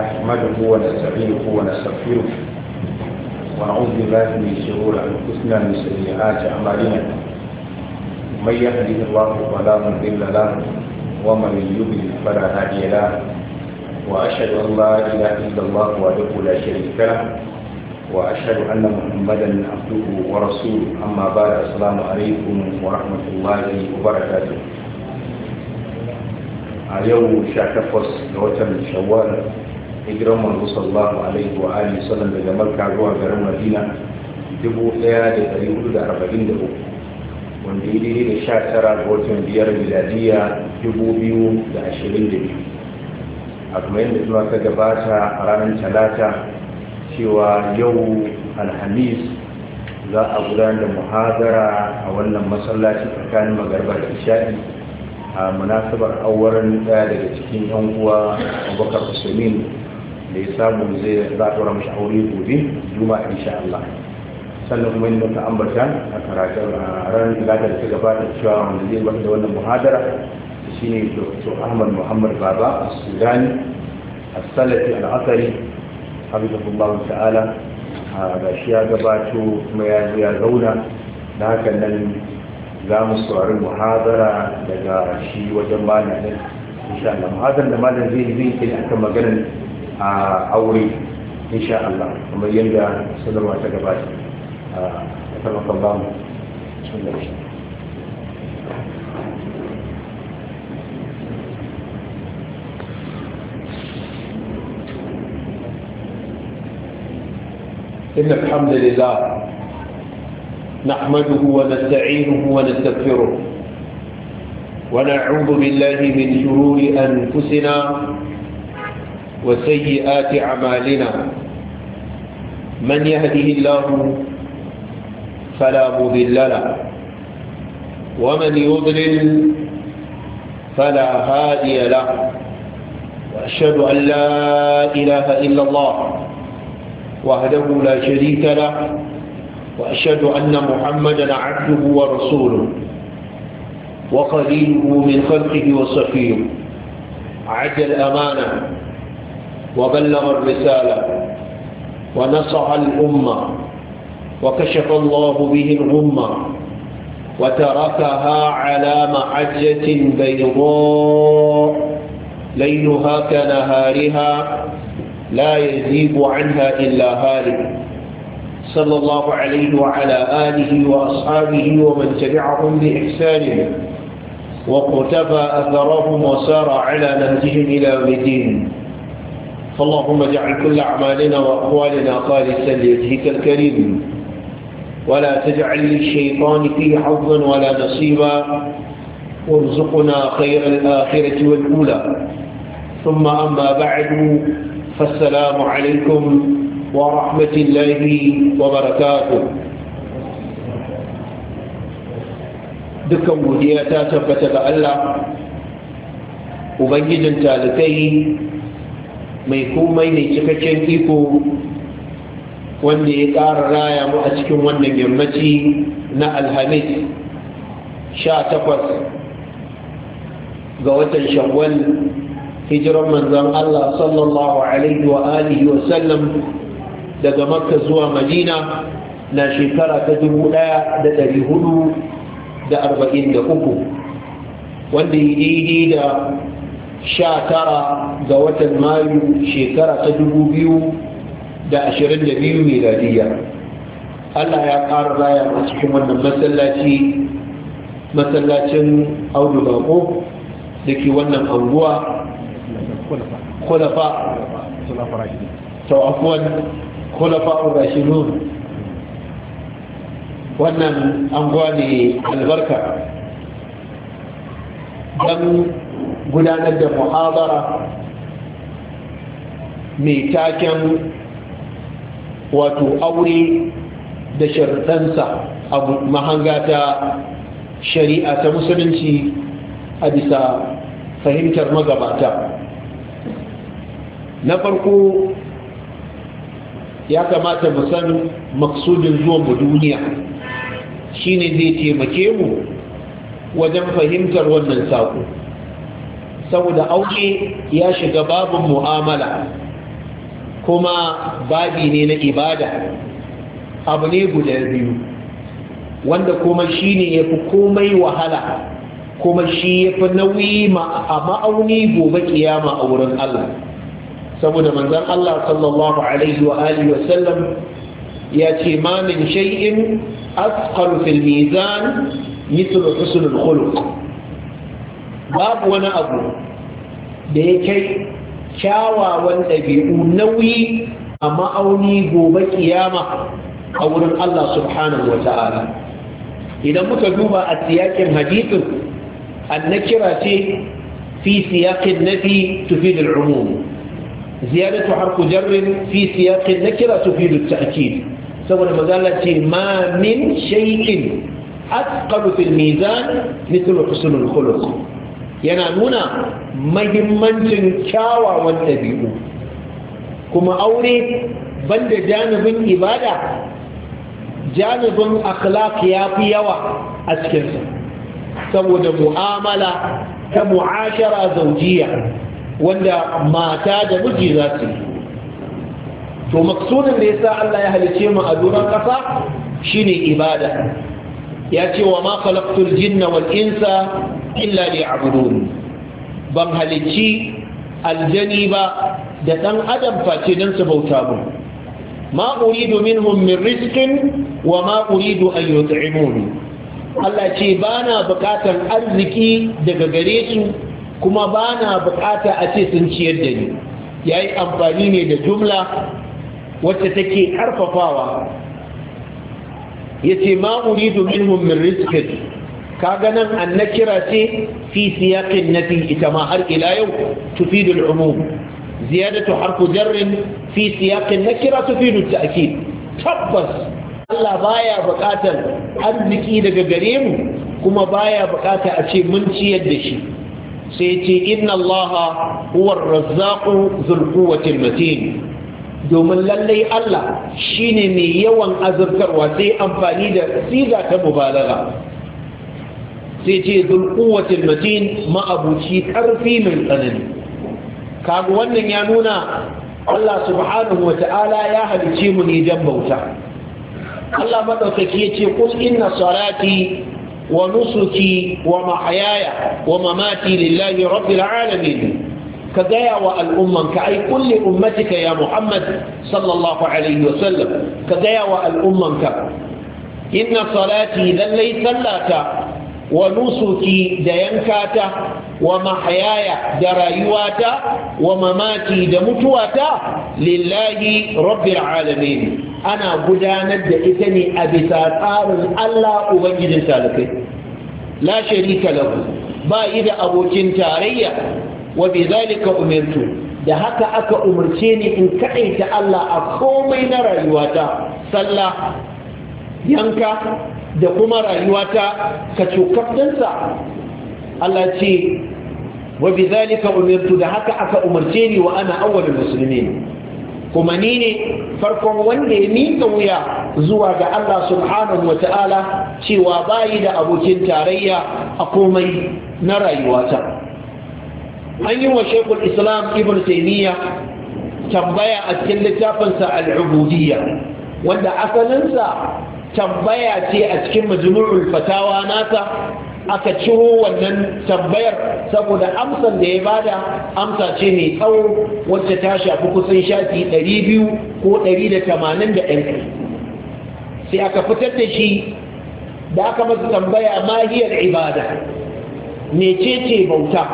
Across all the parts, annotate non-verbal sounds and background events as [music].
نحمده ونستعينه ونستغفره ونعوذ بالله من شرور انفسنا من سيئات اعمالنا من يهده الله فلا مضل له ومن يضلل فلا هادي له واشهد ان لا اله الا الله وحده لا شريك له واشهد ان محمدا عبده ورسوله اما بعد السلام عليكم ورحمه الله وبركاته a yau sha takwas ga watan hijiran manzo sallallahu alaihi wa alihi sallam daga marka zuwa garin madina 1443 wanda ya daidai da sha tara ga watan biyar miladiya 2022 a kuma yadda zuwa ta gabata a ranar talata cewa yau alhamis za a gudanar da muhazara a wannan masallaci tsakanin magarba da isha'i a munasabar auren daya daga cikin yan uwa abubakar husaini da ya samu zai za a tura mashi aure gobe juma insha Allah sannan kuma yadda ka ambata a karatun a ranar da ta gabata cewa wanda zai bata da wannan muhadara shine to ahmad muhammad baba a sudani a salafi al'asari asari habibullahu ta'ala ga shi ya gabato kuma ya ya zauna da haka nan za mu saurari muhadara daga shi wajen malamin insha Allah da malamin zai yi zai akan maganar a aure insha Allah kuma yanda sunama ta gabata a tarafin ba mu إن الحمد لله نحمده ونستعينه ونستغفره ونعوذ بالله من شرور أنفسنا وسيئات أعمالنا من يهده الله فلا مضل له ومن يضلل فلا هادي له وأشهد أن لا إله إلا الله وحده لا شريك له وأشهد أن محمدا عبده ورسوله وقليله من خلقه وصفيه عجل أمانه وبلغ الرسالة ونصح الأمة وكشف الله به الغمة وتركها على محجة بيضاء ليلها كنهارها لا يزيب عنها إلا هالك صلى الله عليه وعلى آله وأصحابه ومن تبعهم بإحسانه وقتفى أثرهم وسار على نهجهم إلى مدين فاللهم اجعل كل أعمالنا وأقوالنا خالصا لوجهك الكريم ولا تجعل للشيطان فيه حظا ولا نصيبا وارزقنا خير الآخرة والأولى ثم أما بعد فالسلام عليكم ورحمة الله وبركاته دكم godiya ta tabbata ga Allah mai komai ne cikakken iko wanda ya ƙara raya mu a cikin wannan yammaci na alhamis sha takwas ga watan shawwal hijiran manzan Allah sallallahu alaihi wa alihi wa sallam daga makka zuwa madina na shekara ta dubu ɗaya da hudu da arba'in da uku wanda yi daidai da sha tara ga watan mayu shekara ta dubu biyu da ashirin da biyu miladiyya allah ya ƙara raya a cikin wannan masallaci masallacin audu bako da ke wannan anguwa kulafa ta'afuwan kulafa urashidun wannan anguwa ne albarka don gudanar da muhabara mai taken wato aure da sharɗansa a mahangata shari'a ta musulunci a bisa fahimtar magabata na farko ya kamata mu san maksudin zuwan mu duniya shine zai taimake mu wajen fahimtar wannan saƙo saboda aure ya shiga babin mu'amala kuma babi ne na ibada abu ne guda biyu wanda kuma shi ne ya fi komai wahala kuma shi ya fi nauyi a ma'auni gobe kiyama a wurin Allah saboda manzan Allah sallallahu alaihi wa alihi wa sallam ya ce ma min shay'in asqalu fil mizan mithlu husnul khuluq babu wani abu da ya kai kyawawan ɗabi'u nauyi a ma'auni gobe kiyama a wurin Allah subhanahu wa ta'ala idan muka duba a siyakin hadithin annakira ce fi siyakin nafi tufi da umum ziyadatu harku jarrin fi siyakin nakira tufi da ta'kid saboda mazala ce ma min shay'in asqalu fil mizan mithlu husnul khuluq yana nuna mahimmancin kyawawan ɗabi'u kuma aure banda janibin ibada janibin akhlaq ya fi yawa a cikinsa saboda mu'amala ta mu'ashara zaujiya wanda mata da miji za su yi to maksudin da yasa Allah ya halice mu a duran ƙasa shine ibada ya ce wa ma khalaqtul jinna wal insa illa li abudun ban halicci aljani ba da ɗan adam face don su bauta mu ma uridu minhum min rizqin wa ma uridu an yut'imuni Allah ce bana na bukatar arziki daga gare su kuma bana bukata a ce sun ciyar da ni ya yi amfani ne da jumla wacce take karfafawa ya ce ma uridu minhum min rizqin kaga nan an na kira ce fi siyaqin nafi ita ma har ila yau tufidul umum ziyadatu harfu jarrin fi siyaqin nakira tufidu ta'kid tabbas Allah baya buƙatar arziki daga gare mu kuma baya buƙata a ce mun ciyar da shi sai ce inna allaha huwa razzaqu dhul domin lallai Allah shine mai yawan azurtarwa sai amfani da siga ta mubalaga sai ce zul quwwatil matin ma ma'abuci karfi min tsanani kaga wannan ya nuna Allah subhanahu wa ta'ala ya halice mu ne dan bauta Allah madaukaki yace qul inna salati wa nusuki wa mahyaya wa mamati lillahi rabbil alamin ka gaya wa al'ummanka ai kulli ummatika ya muhammad sallallahu alaihi wasallam ka gaya wa al'ummanka inna salati lallai sallata wa nusuki da yankata wa mahayaya da rayuwata wa mamaki da mutuwata lillahi rabbil alamin ana gudanar da ita ne a bisa tsarin Allah ubangijin talakai la sharika lahu ba da abokin tarayya wa bi zalika umirtu da haka aka umarce ni in kaɗaita Allah a komai na rayuwata sallah yanka da kuma rayuwata ta kacokaftinsa Allah ce wa bi zalika umirtu da haka aka umarce ni wa ana awwalul muslimin kuma ni ne farkon wanda ya miƙa wuya zuwa ga Allah subhanahu wa ta'ala cewa bayi da abokin tarayya a komai na rayuwata an yi wa shekul islam ibn taimiyya tambaya a cikin littafinsa al'ubudiyya wanda asalinsa tambaya ce a cikin majmu'ul fatawa nasa aka ciro wannan tambayar saboda amsan da ya bada amsa ce mai tsawo wacce ta shafi kusan shafi 200 ko 180 da ɗan sai aka fitar da shi da aka masa tambaya mahiyar ibada mecece bauta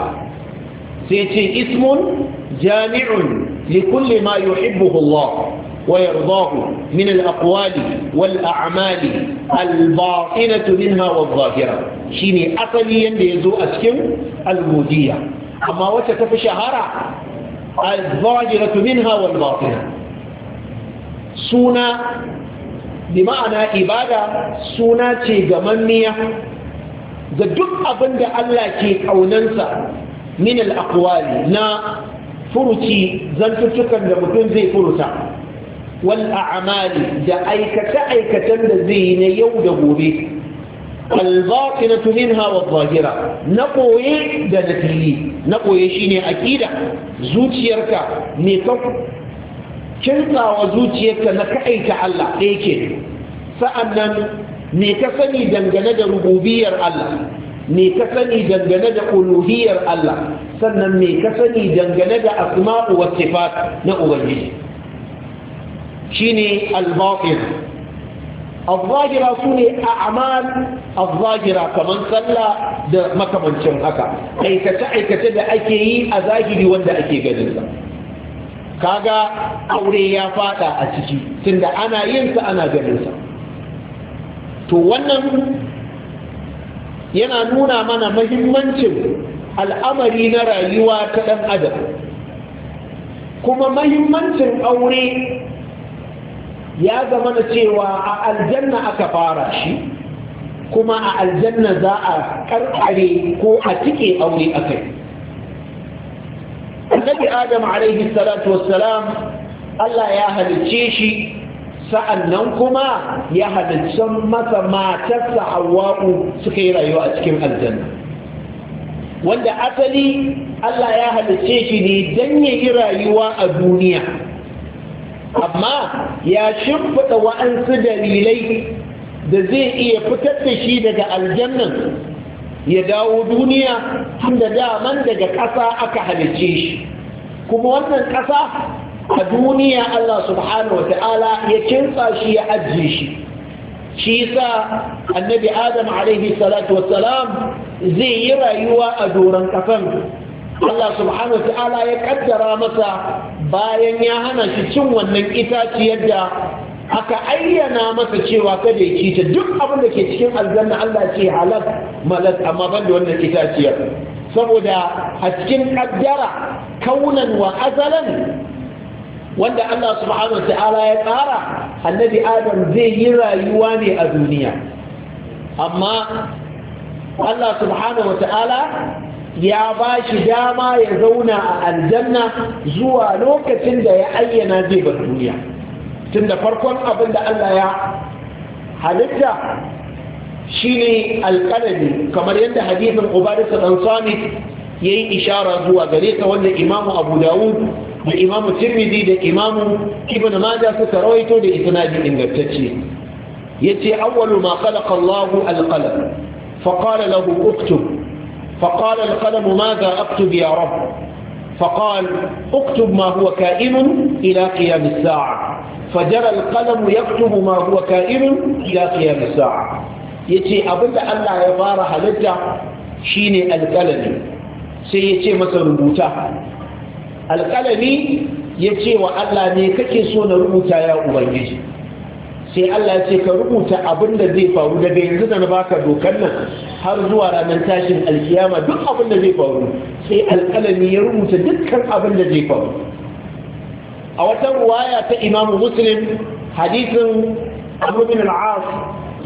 sai ce ismun jami'un likulli ma yuhibbuhu Allah ويرضاه من الأقوال والأعمال الباطنة منها والظاهرة شيني أصليا ليزو أسكن المودية أما وتتف شهرة الظاهرة منها والباطنة سونا بمعنى إبادة سونا تيغمانية ga duk abin da Allah ke ƙaunansa min al na furuci zantuttukan da mutum zai furuta wal a'mali da aikata aikatan da zai yi na yau da gobe Albaki na Tuhin wadh Zahira na koye da na fili na koye shine aƙida zuciyarka ne ka kintawa zuciyarka na kaita Allah da yake sa'annan me ka sani dangane da rububiyar Allah me ka sani dangane da uluhiyar Allah sannan me ka sani dangane da asma'u wa sifat na ubangiji shine al-batin al-zahira sune a'mal al-zahira Kamar sallah da makamancin haka aikace aikace da ake yi a zahiri wanda ake ganinsa. sa kaga aure ya fada a ciki tunda ana yinsa ana ganinsa. to wannan yana nuna mana mahimmancin al'amari na rayuwa ta ɗan adam kuma mahimmancin aure ya zama na cewa a aljanna aka fara shi kuma a aljanna za a karkare ko a cike aure a kai annabi adam alaihi salatu wassalam allah ya halicce shi sa'annan kuma ya haliccan masa matarsa hawa'u suka yi rayuwa a cikin aljanna wanda asali allah ya halicce shi ne don ya yi rayuwa a duniya amma ya shimfiɗa wa'ansu dalilai da zai iya fitar da shi daga aljannan ya dawo duniya tunda daman daga ƙasa aka halarce shi kuma wannan ƙasa a duniya Allah subhanahu wa ta'ala ya kinsa shi ya ajiye shi shi yasa annabi adam alaihi salatu wassalam zai yi rayuwa a doron ƙasan Allah subhanahu wa ta'ala ya kaddara masa bayan ya hana shi cin wannan itaciyar da aka ayyana masa cewa kada ya ci duk abin da ke cikin aljanna Allah ce halal malak amma ban da wannan itaciyar saboda a cikin kaddara kaunan wa azalan wanda Allah subhanahu wa ta'ala ya tsara annabi Adam zai yi rayuwa ne a duniya amma Allah subhanahu wa ta'ala ya ba shi dama ya zauna a aljanna zuwa lokacin da ya ayyana zai bar duniya tun da farkon abin da Allah ya halitta shine alƙalami kamar yadda hadisin ubadisa dan sami ya yi ishara zuwa gare ta wanda imamu abu dawud da imamu tirmidhi da imamu ibn majah suka rawaito da isnadi ingantacce yace awwalu ma khalaqa Allahu alqalam فقال له اكتب فقال القلم ماذا أكتب يا رب فقال اكتب ما هو كائن إلى قيام الساعة فجرى القلم يكتب ما هو كائن إلى قيام الساعة يتي أبدا لا يفار هلجة شيني القلم سيتي مثل ربوتا القلم يتي لا نيكك سون ربوتا يا أبنجي sai Allah ce ka rubuta abin da zai faru daga yanzu da na baka dokar nan har zuwa ranar tashin alkiyama duk abin da zai faru sai alƙalami ya rubuta dukkan abin da zai faru a wata ruwaya ta imamu muslim hadisin abu al'as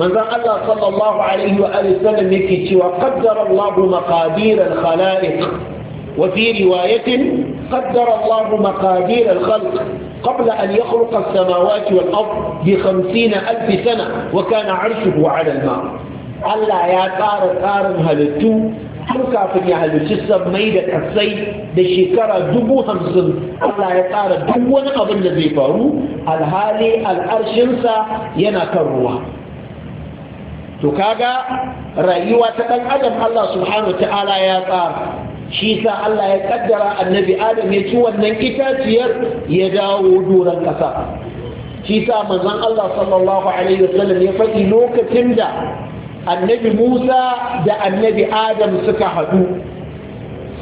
manzon Allah sallallahu alaihi wa alihi sallam yake cewa qaddara Allah maqadir al-khalaiq wa fi riwayatin qaddara Allah maqadir al-khalq قبل أن يخلق السماوات والأرض بخمسين ألف سنة وكان عرشه على الماء Allah ya tsara tsarin halittu har kafin ya halarci sammai da kasai da shekara dubu hamsin Allah ya tsara duk wani abin da zai faru alhali al'arshinsa yana kan ruwa to kaga rayuwa ta ɗan adam Allah subhanahu ta'ala ya tsara shi sa Allah ya kaddara annabi Adam ya ci wannan itaciyar ya dawo doron ƙasa shi sa manzon Allah sallallahu alaihi wasallam ya faɗi lokacin da annabi Musa da annabi Adam suka haɗu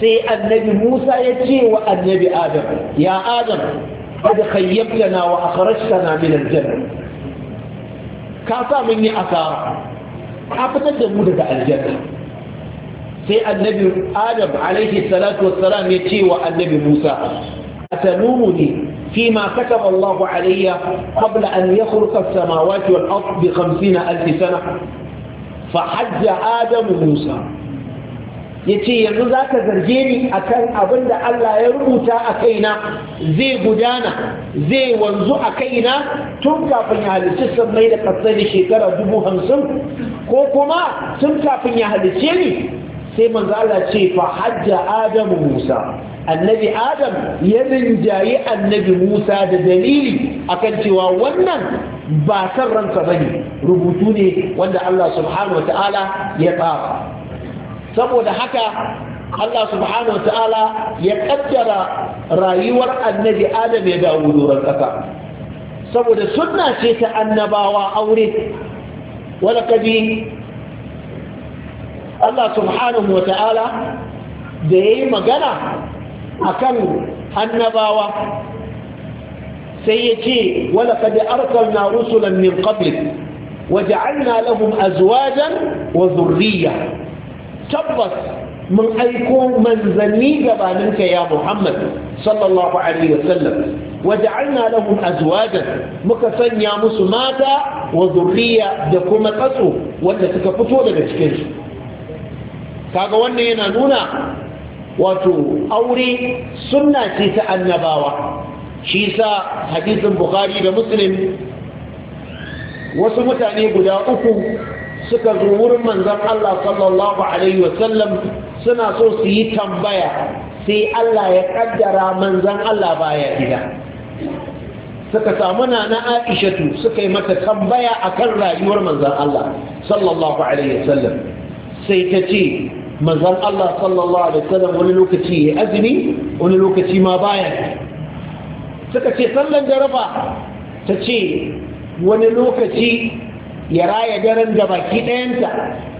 sai annabi Musa ya ce wa annabi Adam ya Adam wa خيبتنا واخرجتنا من الجنه ka sa mun yi asara ka fitar da mu daga aljanna sai annabi adam alaihi salatu wassalam ya ce wa annabi musa atalumuni fi ma kaka allahu alayya qabla an yakhluqa as-samawati wal ard bi 50000 sana fa hajja adam musa yace yanzu zaka zarge ni akan abin da Allah ya rubuta a kaina zai gudana zai wanzu a kaina tun kafin ya halicci sammai da kasai shekara dubu hamsin ko kuma tun kafin ya halicce ni sai manzo Allah ce fa hajja adamu musa annabi adam ya rinjayi annabi musa da dalili akan cewa wannan ba san ranka bane rubutu ne wanda Allah subhanahu wataala ya tsara saboda haka Allah subhanahu wataala ya kaddara rayuwar annabi adam ya dawo doron kasa saboda sunna ce ta annabawa aure wala kaji Allah subhanahu wa ta'ala da ya yi magana a kan annabawa sai ya ce wala kadi na rusulan min qablik waja'alna lahum azwajan wa zurriya tabbas mun aiko manzanni gabaninka ya Muhammad sallallahu alaihi wasallam waja'alna lahum azwajan muka sanya musu mata wa zurriya da kuma tsatso wanda suka fito daga cikinsu. kaga wannan yana nuna wato aure sunna ce ta annabawa shi sa hadisin bukhari da muslim wasu mutane guda uku suka zo wurin manzon Allah sallallahu alaihi wasallam suna so su yi tambaya sai Allah ya kaddara manzon Allah baya gida suka samu nana aishatu suka yi mata tambaya akan rayuwar manzan Allah sallallahu alaihi wasallam sai ta ce manzon Allah sallallahu alaihi wasallam wani lokaci ya azumi wani lokaci ma bayan. suka ce sallan jarafa ta ce wani lokaci ya raya daren da baki ɗayanta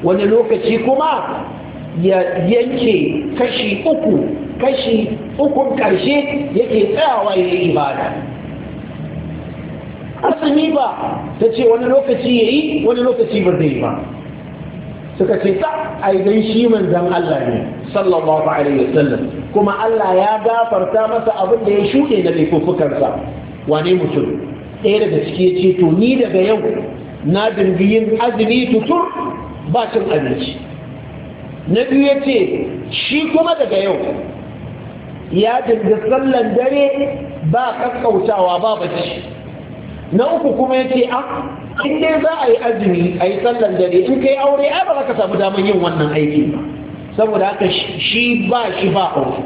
wani lokaci kuma ya yanke kashi uku kashi ukun ƙarshe yake tsayawa ya yi ibada asumi ba ta ce wani lokaci ya yi wani lokaci ba zai ba suka ce ai dan shi manzon Allah ne sallallahu alaihi wasallam kuma Allah ya gafarta masa abin da ya shuɗe na laifukansa wane mutum ɗaya daga ciki ya ce to ni daga yau na dingi yin azumi tutur ba cin abinci na biyu ya ce shi kuma daga yau ya dinga sallan dare ba kakkautawa ba bacci na uku kuma ya ce ah, in dai za a yi azumi a yi sallar dare in kai aure ai ba za ka samu damar yin wannan aiki saboda haka shi ba shi ba aure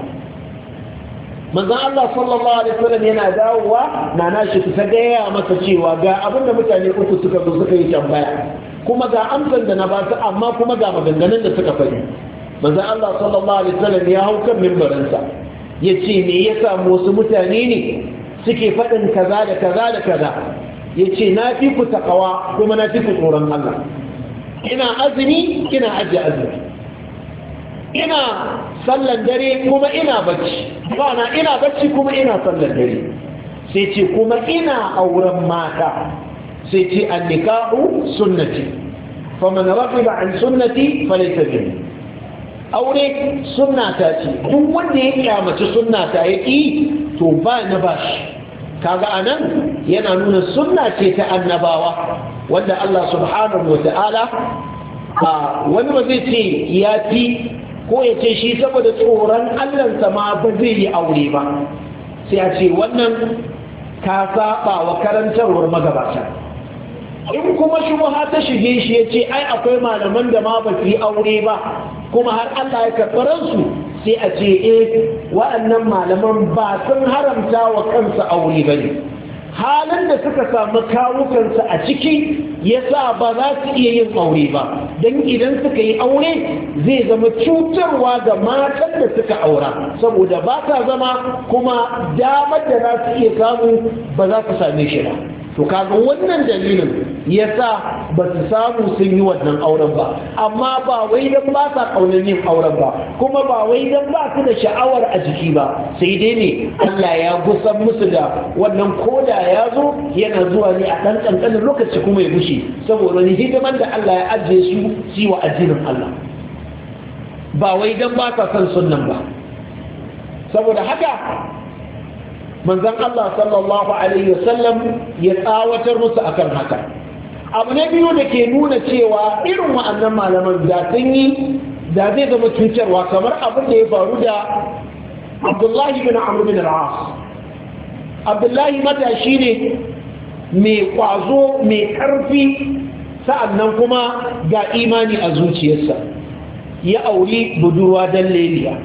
manzan Allah sallallahu alaihi wasallam yana dawowa nana nashi ta gaya masa cewa ga abinda mutane uku suka zo suka yi tambaya kuma ga amsan da na basu, amma kuma ga maganganun da suka faɗi manzan Allah sallallahu alaihi wasallam ya hau kan mimbarinsa ya ce me ya samu wasu mutane ne suke faɗin kaza da kaza da kaza ya ce na fi ku takawa kuma na fi ku tsoron Allah ina azumi ina ajiye azumi ina sallan dare kuma ina bacci bana ina bacci kuma ina sallan dare sai ce kuma ina auren mata sai ce an nikahu sunnati faman rafiba an sunnati falaysa minni aure sunnata ce duk wanda ya kyamaci sunnata yaki to ba na bashi kaga anan yana nuna sunna ce ta annabawa wanda Allah subhanahu wa ta'ala wani ba zai ce ya fi ko ya ce shi saboda tsoron allansa ma ba zai yi aure ba sai a ce wannan ka saba wa karantarwar magabata in kuma shubha ta shige shi ya ce ai akwai malaman da ma ba su yi aure ba kuma har Allah ya karɓaransu. ransu sai a ce eh wa'annan malaman ba sun haramta wa kansu aure ba ne halin da suka samu kawukansu a ciki ya sa ba za su iya yin aure ba don idan suka yi aure zai zama cutarwa ga matan da suka aura saboda ba ta zama kuma damar da za su iya samu ba za su same shi ba to kaga wannan dalilin ya sa ba su samu sun yi wannan auren ba amma ba wai don ba sa ƙaunar yin auren ba kuma ba wai don ba su da sha'awar a jiki ba sai dai ne Allah ya gusan musu da wannan koda ya zo yana zuwa ne a ɗan ƙanƙanin lokaci kuma ya gushe saboda ni hidiman da Allah ya ajiye su su wa addinin Allah ba wai don ba sa son sunnan ba saboda haka manzon Allah sallallahu alaihi wasallam ya tsawatar musu akan haka abu na biyu da ke nuna cewa irin wa'annan malaman da sun yi da zai zama cutarwa kamar abin da ya faru da abdullahi bin amr bin al'as abdullahi matashi ne mai kwazo mai ƙarfi sa'an nan kuma ga imani a zuciyarsa ya auri budurwa don leliya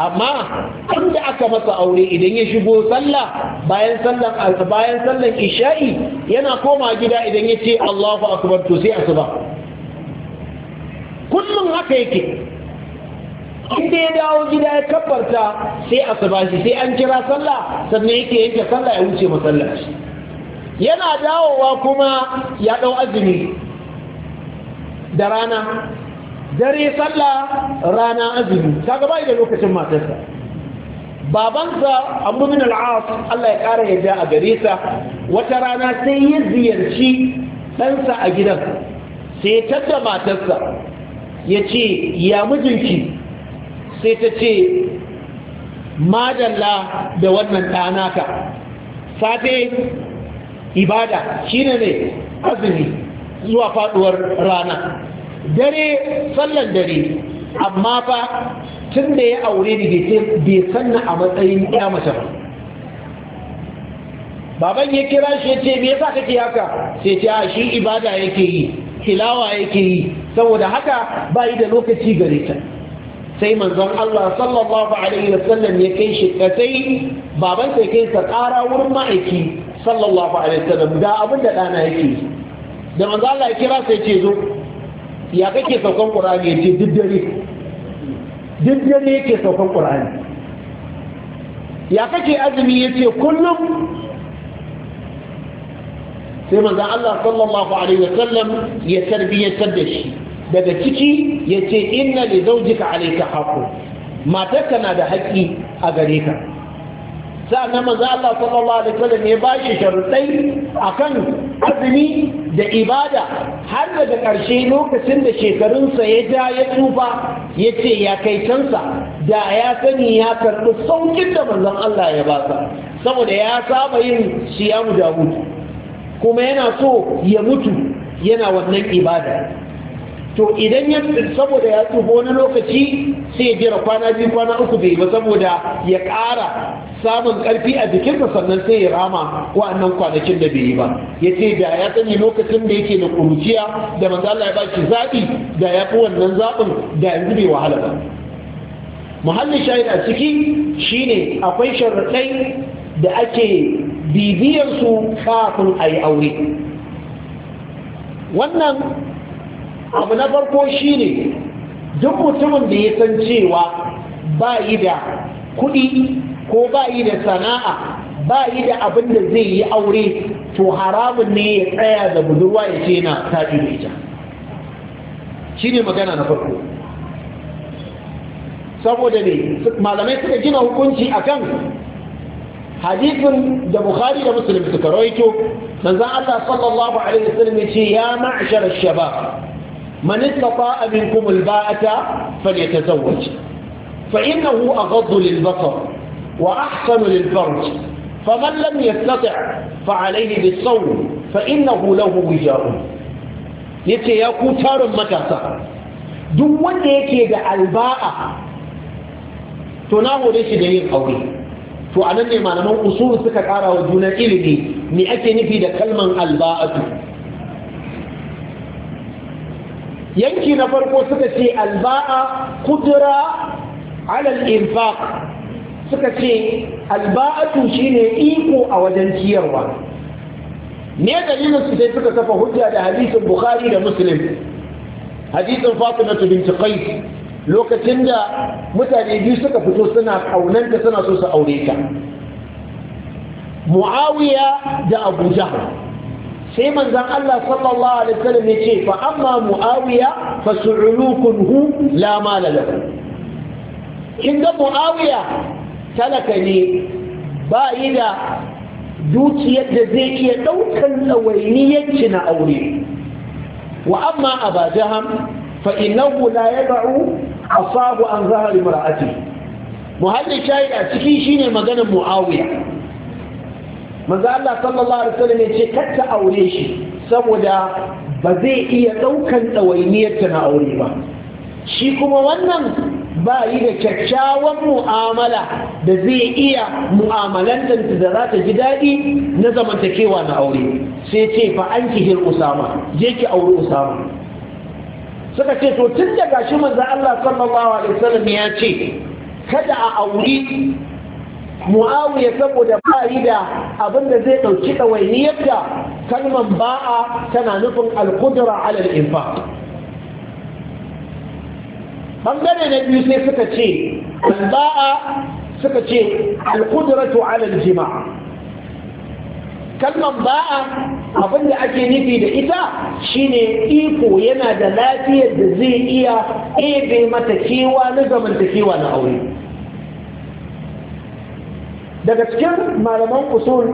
amma inda aka masa aure idan ya shigo sallah bayan sallan bayan sallan isha'i yana koma gida idan ya ce Allahu akbar to sai asuba kullum haka yake inda ya dawo gida ya kabbarta sai asuba shi sai an kira sallah sannan yake yanke sallah ya wuce masallaci yana dawowa kuma ya dau azumi da rana dare sallah rana azumi kaga bai da lokacin matarsa babansa abu min al'as Allah ya ƙara yadda a gare sa wata rana sai ya ziyarci ɗansa a gidan sai ya tadda matarsa ya ce ya mijinki sai ta ce madalla da wannan ɗanaka safe ibada shine ne azumi zuwa faɗuwar rana dare sallan dare amma fa tun da ya aure da ni bai sanna a matsayin ya mace ba baban ya kira shi ya ce me yasa kake haka sai ce a shi ibada yake yi tilawa yake yi saboda haka bai da lokaci gare ta sai manzon Allah sallallahu alaihi sallam ya kai shi sai baban sai kai sa ƙara wurin ma'aiki sallallahu alaihi wasallam sallam, abin da dana yake da manzon Allah ya kira sai ce zo ya kake saukan ƙur'ani ya ce duk dare duk dare yake saukan ƙur'ani ya kake azumi ya ce kullum sai manzan Allah sallallahu alaihi wasallam ya tarbiyyatar da shi daga ciki ya ce inna li zaujika alayka haqqu matarka na da haƙƙi a gare ka nan manzo Allah sallallahu alaihi wasallam ya ba shi sharuɗai kan azumi da ibada har daga ƙarshe lokacin da shekarunsa ya ja ya tsufa ya ce ya kai cansa da ya sani ya karɓi saukin da manzon Allah ya basa saboda ya saba yin siyamu da mutu kuma yana so ya mutu yana wannan ibada to idan ya saboda ya tsufa wani lokaci sai ya jira kwana biyu kwana uku bai ba saboda ya ƙara samun karfi a jikinsa sannan sai ya rama wa'annan kwanakin da bai yi ba ya ce da ya sani lokacin da yake da kuruciya da manzo Allah ya shi zaɓi da ya fi wannan zaɓin da yanzu bai wahala ba muhallin shahid a ciki shine akwai sharaɗai da ake bibiyarsu kafin a yi aure wannan abu na farko shine duk mutumin da ya san cewa ba yi da kuɗi ko ba yi da sana'a ba yi da abin da zai yi aure to haramun ne ya tsaya da budurwa ya ce na tafi da ita shi ne magana na farko saboda ne malamai suka gina hukunci akan hadisin da bukhari da muslim suka rawaito manzon Allah sallallahu alaihi wasallam ya ce ya ma'shar shabab من استطاع منكم الباءة a فإنه أغض للبصر وأحسن للفرج فمن لم يستطع فعليه بالصوم فإنه له وجاء yace ya ku tarin matasa duk wanda yake da alba'a to na hore shi da yin aure to anan ne malaman usul suka kara wa juna ilimi me ake nufi da kalman alba'atu yanki na farko suka ce alba'a kudura alal infaq suka ce alba'atu shine iko a wajen ciyarwa ne dalilin su sai suka kafa hujja da hadisin bukhari da muslim hadisin fatima bint qais lokacin da mutane biyu suka fito suna kaunanta suna so su aure ta muawiya da abu jahl sai manzon Allah sallallahu alaihi wasallam ya ce fa amma muawiya fa su'ulukunhu la mala lahu kin ga muawiya talaka ne ba yi da dukiyar da zai iya ɗaukan ɗawainiyarci na aure wa amma a ba jiham fa ya la a asabu an zahari mar'ati muhalli shayi a ciki shine maganar muawiya Maza Allah sallallahu alaihi wasallam yace katta aure shi saboda ba zai iya ɗaukan ɗawainiyarta na aure ba shi kuma wannan ba yi da kyakkyawan mu'amala da zai iya mu'amalantar da za ta ji daɗi na zamantakewa na aure sai ce fa an kihir usama je ki auri usama suka ce to tun da shi manzan Allah sallallahu alaihi wasallam ya ce kada a auri muawiya saboda ba yi da abin da zai ɗauki ɗawainiyar da kalman ba'a tana nufin alƙudura alal infaq ɓangare na biyu sai suka ce alba'a suka ce alkudratu alal jima'a kalman ba'a abin da ake nufi da ita shine iko yana da lafiyar da zai iya ebe mata kewa na zamantakewa na aure daga cikin malaman usul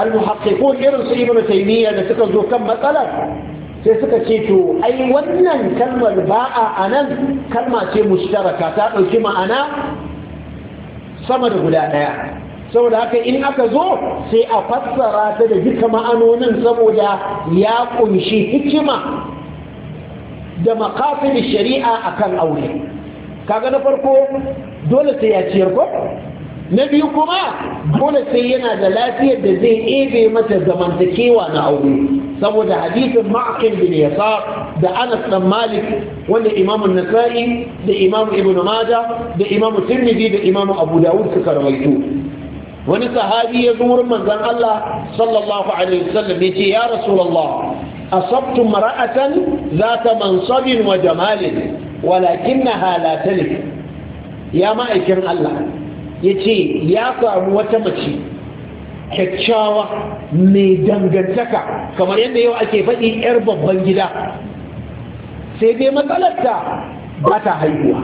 al-muhaqqiqun irin su ibnu taymiya da suka zo kan matsalar sai suka ce to ai wannan kalmar ba'a a nan kalma ce mushtaraka ta ɗauki ma'ana sama da guda ɗaya saboda haka in aka zo sai a fassara ta da duka ma'anonin saboda ya kunshi hikima da makafin shari'a akan aure kaga na farko dole sai ya ciyar ko na biyu kuma dole sai yana da lafiyar da zai ebe mata zamantakewa na aure saboda hadisin ma'akin bin yasa da anas dan malik wanda imam nasa'i da imam ibn majah da imam tirmidhi da imam abu dawud suka rawaito wani sahabi ya zo wurin manzon Allah sallallahu alaihi wasallam ya ce ya rasulullah asabtu mar'atan zata mansabin wa jamalin walakinnaha la talif ya ma'aikin Allah yace ya samu wata mace kyakkyawa mai dangantaka kamar yadda yau ake faɗi 'yar babban gida sai dai matsalarta ba ta haihuwa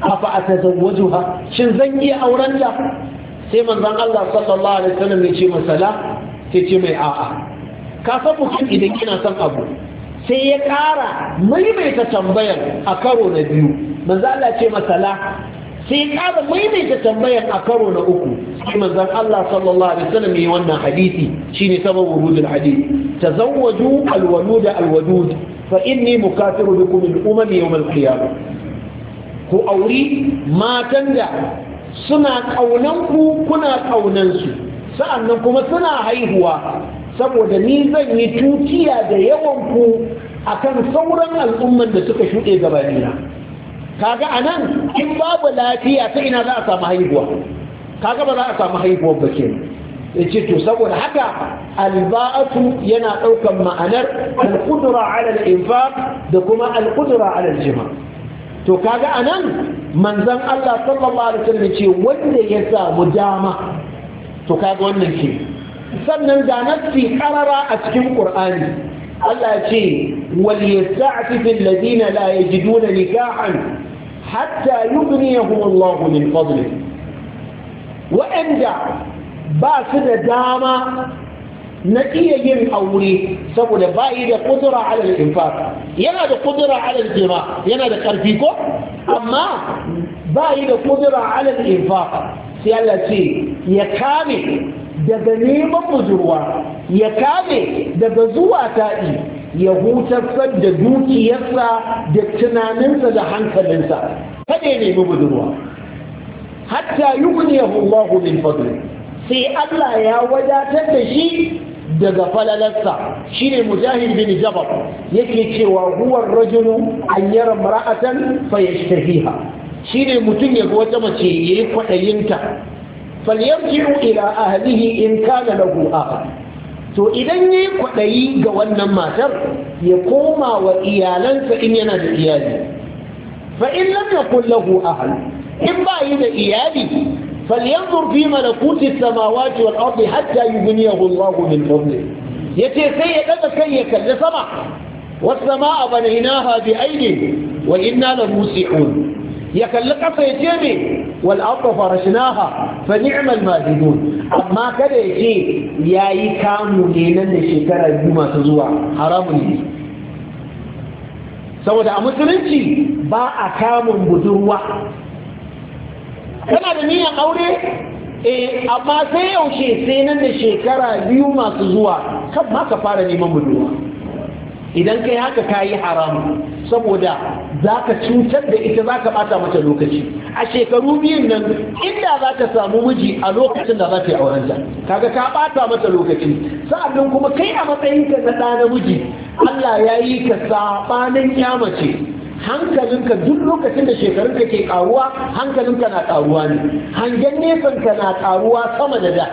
afa a tazawwajuha shin zan iya auren ta sai manzan Allah sallallahu alaihi wasallam ya ce masala sai ce mai a'a ka san mutum idan kina son abu sai ya ƙara maimaita tambayar a karo na biyu manzan Allah ce masala sai ƙara maimaita tambayar a karo na uku sai manzon Allah sallallahu alaihi wasallam yi wannan hadisi shine sababu wurudul hadith tazawwaju alwalud alwadud fa inni mukatiru bikum al-umam yawm al-qiyamah ku auri matan da suna kaunan ku kuna kaunan su sa'annan kuma suna haihuwa saboda ni zan yi tutiya da yawan ku akan sauran al'umman da suka shuɗe gabanina kaga anan in babu lafiya ta ina za a samu haihuwa kaga ba za a samu haihuwa ba Ya yace to saboda haka alba'atu yana ɗaukan ma'anar al-qudra 'ala da kuma al-qudra 'ala jima to kaga anan manzon Allah sallallahu alaihi wasallam ce wanda ya samu dama to kaga wannan ke sannan da nafsi qarara a cikin Qur'ani Allah ya ce wal yasta'fi alladhina la yajiduna nikahan hatta yughniyahum Allah min fadli wa'anda ba su da dama na iya yin aure saboda ba yi da kudura alal infaq yana da kudura alal jima yana da karfi ko amma ba yi da kudura alal infaq sai Allah ce ya kame daga neman budurwa ya kame daga zuwa taɗi. ya hutar da dukiyarsa da tunaninsa da hankalinsa kada ya nemi budurwa hatta yughniyahu Allah min fadli sai Allah ya wadatar da shi daga falalarsa shine mujahid bin jabal yake cewa huwa ar-rajulu an yara mar'atan fayashtahiha shine mutum ya ga wata mace yayi kwadayinta falyarji'u ila ahlihi in kana lahu akhar to idan ya yi kwaɗayi ga wannan matar ya koma wa iyalansa in yana da iyali fa in lam yakun lahu ahal in ba yi da iyali falyanzur fi malakuti samawati wal ardi hatta yughniyahu Allahu min fadli yace sai ya daga kai ya kalli sama was samaa banaynaha bi aydin wa inna lamusihun ya kalli ƙasa ya ce me wal arda farashnaha fa ni'mal majidun amma kada ya ce yayi kamu ne nan da shekara biyu masu zuwa haramun ne saboda a musulunci ba a kamun budurwa kana da niyyar aure eh amma sai yaushe sai nan da shekara biyu masu zuwa kan ma ka fara neman budurwa idan kai haka ka yi haramu saboda za ka cutar da ita za ka bata mata lokaci a shekaru biyun nan inda za ta samu miji a lokacin da za ta yi aurenta kaga ka bata mata lokaci sa'annan kuma kai a matsayin ka na ɗa miji. Allah ya yi ka saɓanin ya mace hankalinka duk lokacin da shekarunka ke karuwa hankalinka na karuwa ne hangen nesan ka na karuwa sama da da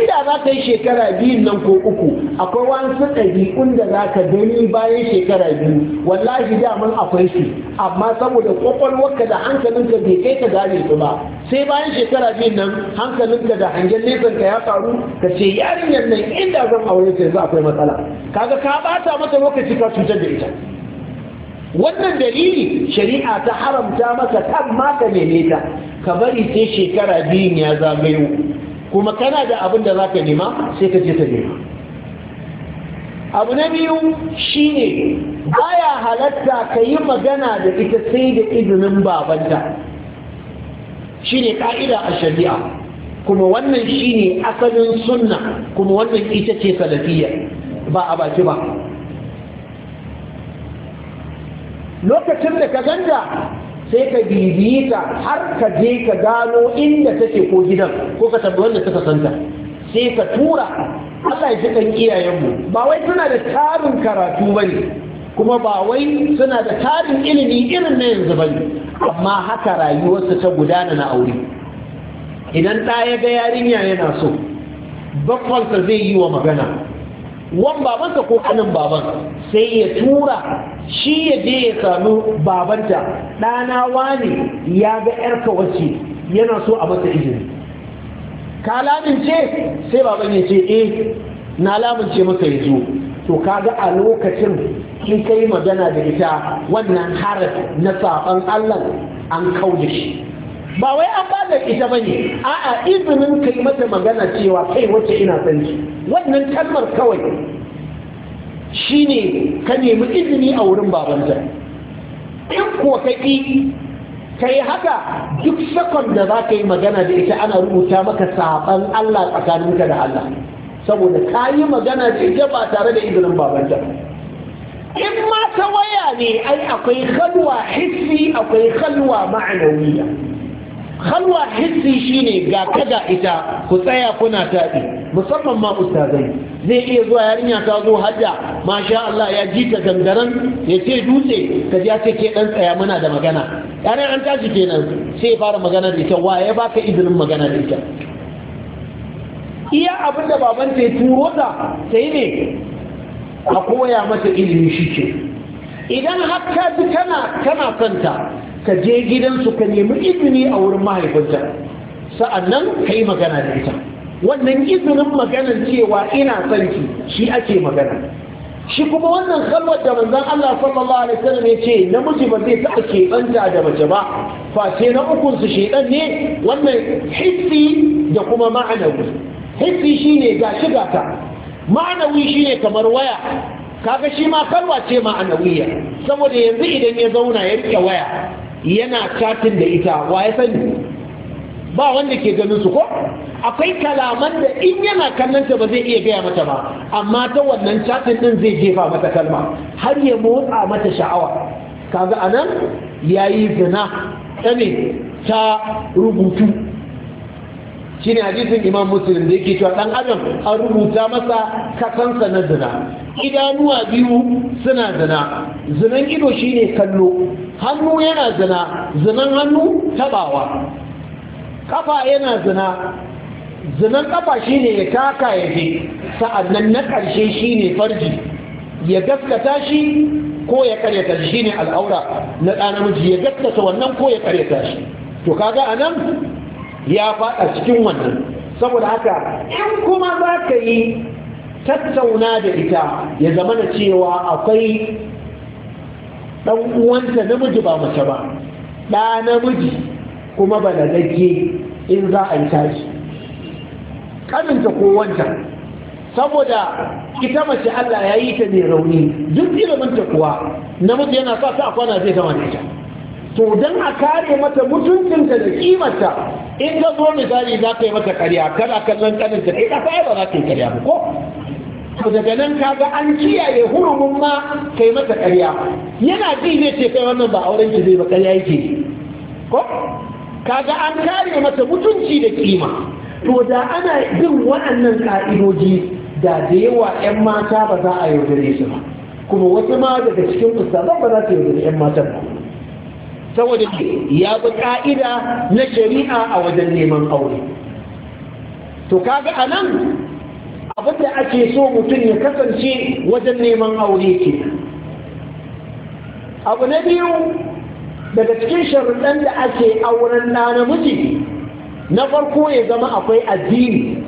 inda za ka yi shekara biyun nan ko uku akwai wasu ɗabi'un da za ka gani bayan shekara biyu wallahi daman akwai su amma saboda kwakwalwarka da hankalinka bai kai ka gane su ba sai bayan shekara biyun nan hankalinka da hangen nesan ka ya faru ka ce yarinyar nan inda zan aure sai yanzu akwai matsala kaga ka bata mata lokaci ka cutar da ita wannan dalili shari'a ta haramta maka kan maka ne ka bari sai shekara biyun ya zagayo kuma kana da abin da za ka nema sai ka je ka nema abu na biyu ne baya halatta ka yi magana da ita sai da izinin babanta ne ƙa'ida a shari'a kuma wannan ne asalin sunna kuma wannan ita ce salafiyya ba a baki ba lokacin da ka ganda sai ka bibita ta har ka je ka gano inda take ko gidan ko ka tambayi wanda kasa santa sai ka tura Allah ya ji kan iyayenmu ba wai suna da tarin karatu bane kuma ba wai suna da tarin ilimi irin na yanzu bane amma haka rayuwarsa ta gudana na aure idan ɗaya ga yarinya yana so bakwansa zai yi wa magana wan babansa ko kanin baban sai ya tura shi ya je ya sami babanta ɗana wani ya ga yarka wacce yana so a mata izini ka ce sai baban ya ce eh na lamince masa ya zo to kaga a lokacin in kai magana da ita wannan haraf na saban Allah an kauda shi ba wai an ba da ita bane a'a izinin yi mata magana cewa kai wacce ina son ki wannan kalmar kawai shine ka nemi izini a wurin babanta in ko ka ka yi haka duk sakon da za ka yi magana da ita ana rubuta maka saban Allah tsakaninka da Allah saboda ka yi magana da ita ba tare da izinin babanta in ma ta waya ne ai akwai kalwa hissi akwai kalwa ma'anawiya halwa hissi shine ga kada ita ku tsaya kuna taɗi musamman ma ustazai zai iya zuwa yarinya ta zo hajja masha Allah ya ji ta gangaran ya ce dutse ka ji ce ke dan tsaya muna da magana yare an tashi kenan sai ya fara magana da ita waye baka izinin magana da ita iya abin da baban ta ya turo ta sai ne a koya mata ilimi shi ce idan har ka ji kana kana santa ka je gidansu ka nemi izini a wurin mahaifinta sa'annan ka yi magana da ita wannan izinin maganar cewa ina sarki shi ake magana shi kuma wannan kalmar da manzon Allah sallallahu alaihi wasallam ya ce namiji ba zai taɓa keɓanta da mace ba face na ukun su shedan ne wannan hissi da kuma ma'anawi hissi shine ga shiga ka ma'anawi shine kamar waya kaga shi ma kalwa ce ma'anawiya saboda yanzu idan ya zauna ya rike waya yana chatin da ita wa ya sani ba wanda ke ganin su ko akwai kalaman da in yana kallonta ba zai iya gaya mata ba amma ta wannan chatin din zai jefa mata kalma har ya motsa mata sha'awa kaga anan yayi zina ta ne ta rubutu shine hadisin imam muslim da yake cewa dan adam an rubuta masa kasansa na zina idanuwa biyu suna zina zinan ido shine kallo hannu yana zina zinan hannu tabawa kafa yana zina zinan kafa shine ya taka ya je sa'annan na karshe shine farji ya gaskata shi ko ya karyata shi shine al'aura na ɗa namiji ya gaskata wannan ko ya karyata shi to kaga anan ya faɗa cikin wannan saboda haka in kuma za ka yi tattauna da ita ya zama da cewa akwai ɗan uwanta namiji ba mace ba ɗa namiji kuma balagagge in za a yi tashi kaninta ko wanta saboda ita mace Allah ya yi ta ne rauni duk ilimin kuwa namiji yana sa sa a kwana zai gama da ita to don a kare mata mutuncinta da kimarta in ka zo misali za ka yi mata karya kana kallon kanin ta kai kasa ba za ka yi karya ba ko to daga nan ka ga an kiyaye hurumin ma kai mata karya yana ji zai ce kai wannan ba auren ki zai ba karya yake ko kaga an kare mata mutunci da kima to da ana bin waɗannan ka'idoji da da yawa 'yan mata ba za a yaudare su ba kuma wata ma daga cikin ustazan ba za ta yaudare 'yan matan ba saboda ya bi ka'ida na shari'a a wajen neman aure to kaga a nan abin da ake so mutum ya kasance wajen neman aure ke abu na biyu daga cikin sharuɗan da ake auren ɗa miji na farko ya zama akwai addini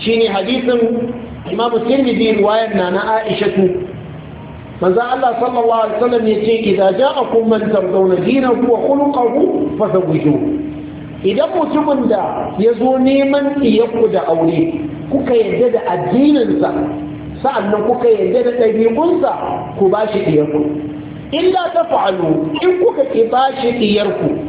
shine hadisin imam tirmidhi riwayar na na aishatu manzo Allah sallallahu alaihi wasallam yace idza ja'akum man tardawna dinahu wa khuluquhu fazawwijuhu idan mutumin da ya zo neman ɗiyarku da aure kuka yadda da addininsa sa'annan kuka yadda da ɗabi'unsa ku ba shi illa ta fa'alu in kuka ki ba shi ɗiyarku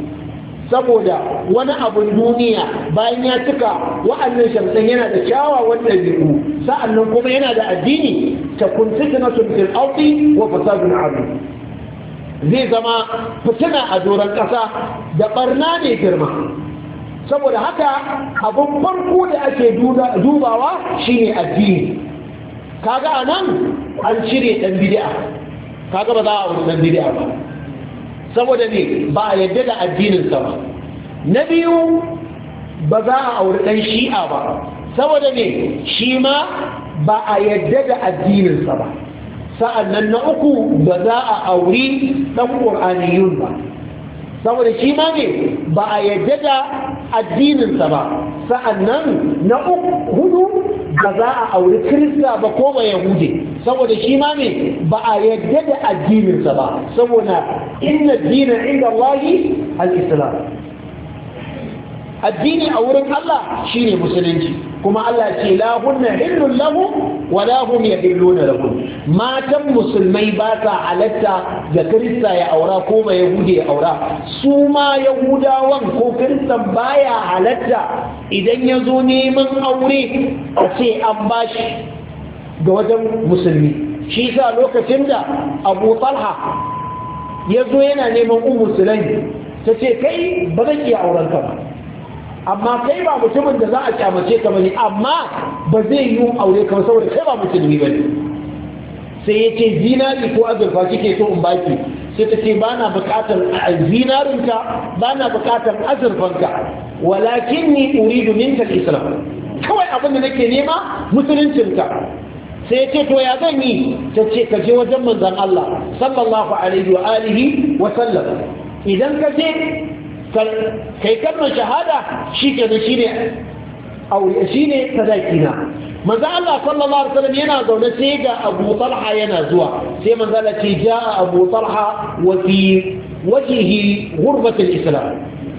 saboda wani abun duniya bayan ya cika wa'annan shamsan yana da kyawawan ɗabi'u sa'annan kuma yana da addini ta kunci na sunfil auki wa fasadun abu zai zama fitina a doron ƙasa da ɓarna ne girma saboda haka abun farko da ake dubawa shine addini kaga anan nan an cire ɗan bidi'a kaga ba za a wani ɗan bidi'a ba saboda ne ba a yadda da addininsa ba na biyu ba za a auri ɗan shi'a ba saboda ne shi ma ba a yadda da addininsa ba sa'annan na uku ba za a auri ɗan qur'aniyun ba saboda shi ma ne ba a yadda da addininsa ba sa'annan na hudu ba za a auri kirista ba ko ba yahudi saboda shi ma ne ba a yadda da addininsa ba saboda inna dina inda Allahi al-islam addini a wurin Allah shine musulunci kuma Allah ce la hunna hillun lahu wa la hum yahilluna lahu matan musulmai ba sa halatta da kirista ya aura ko ba yahudi ya aura su ma yahudawan ko kiristan baya halatta idan ya zo neman aure a ce an bashi ga wajen musulmi shi sa lokacin da abu talha ya zo yana neman umar sulai ta ce kai ba zan iya auren ka ba amma kai ba mutumin da za a kyamace ka bane amma ba zai yi aure ka saboda kai ba musulmi ba ne sai ya ce zinari ko azurfa kike so in baki sai ta ce ba na bukatar zinarinka ba na bukatar azurfanka walakinni uridu minka al-islam kawai abin da nake nema musuluncinka sai ce to ya zan yi ta ce ka je wajen manzan Allah sallallahu alaihi wa alihi wa sallam idan ka je kai kalmar shahada shi ke shi ne aure shi ne sadaki na manzan Allah sallallahu alaihi wa sallam yana zaune sai ga Abu Talha yana zuwa sai manzan Allah ce ja Abu Talha wa fi wajhihi ghurbatul islam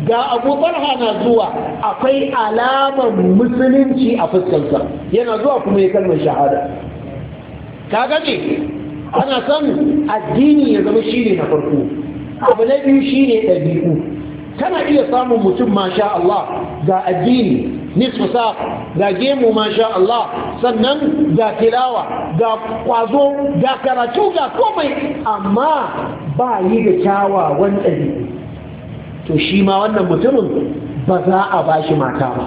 ga abu talha na zuwa akwai alamar musulunci a fuskarsa yana zuwa kuma ya kalmar shahada ka gaje ana son addini ya zama shine na farko abu na biyu shine ɗabi'u kana iya samun mutum masha Allah ga addini nisfu sa ga gemu masha Allah sannan ga tilawa ga kwazo ga karatu ga komai amma ba yi da kyawawan ɗabi'u to shi ma wannan mutumin ba za a ba shi mata ba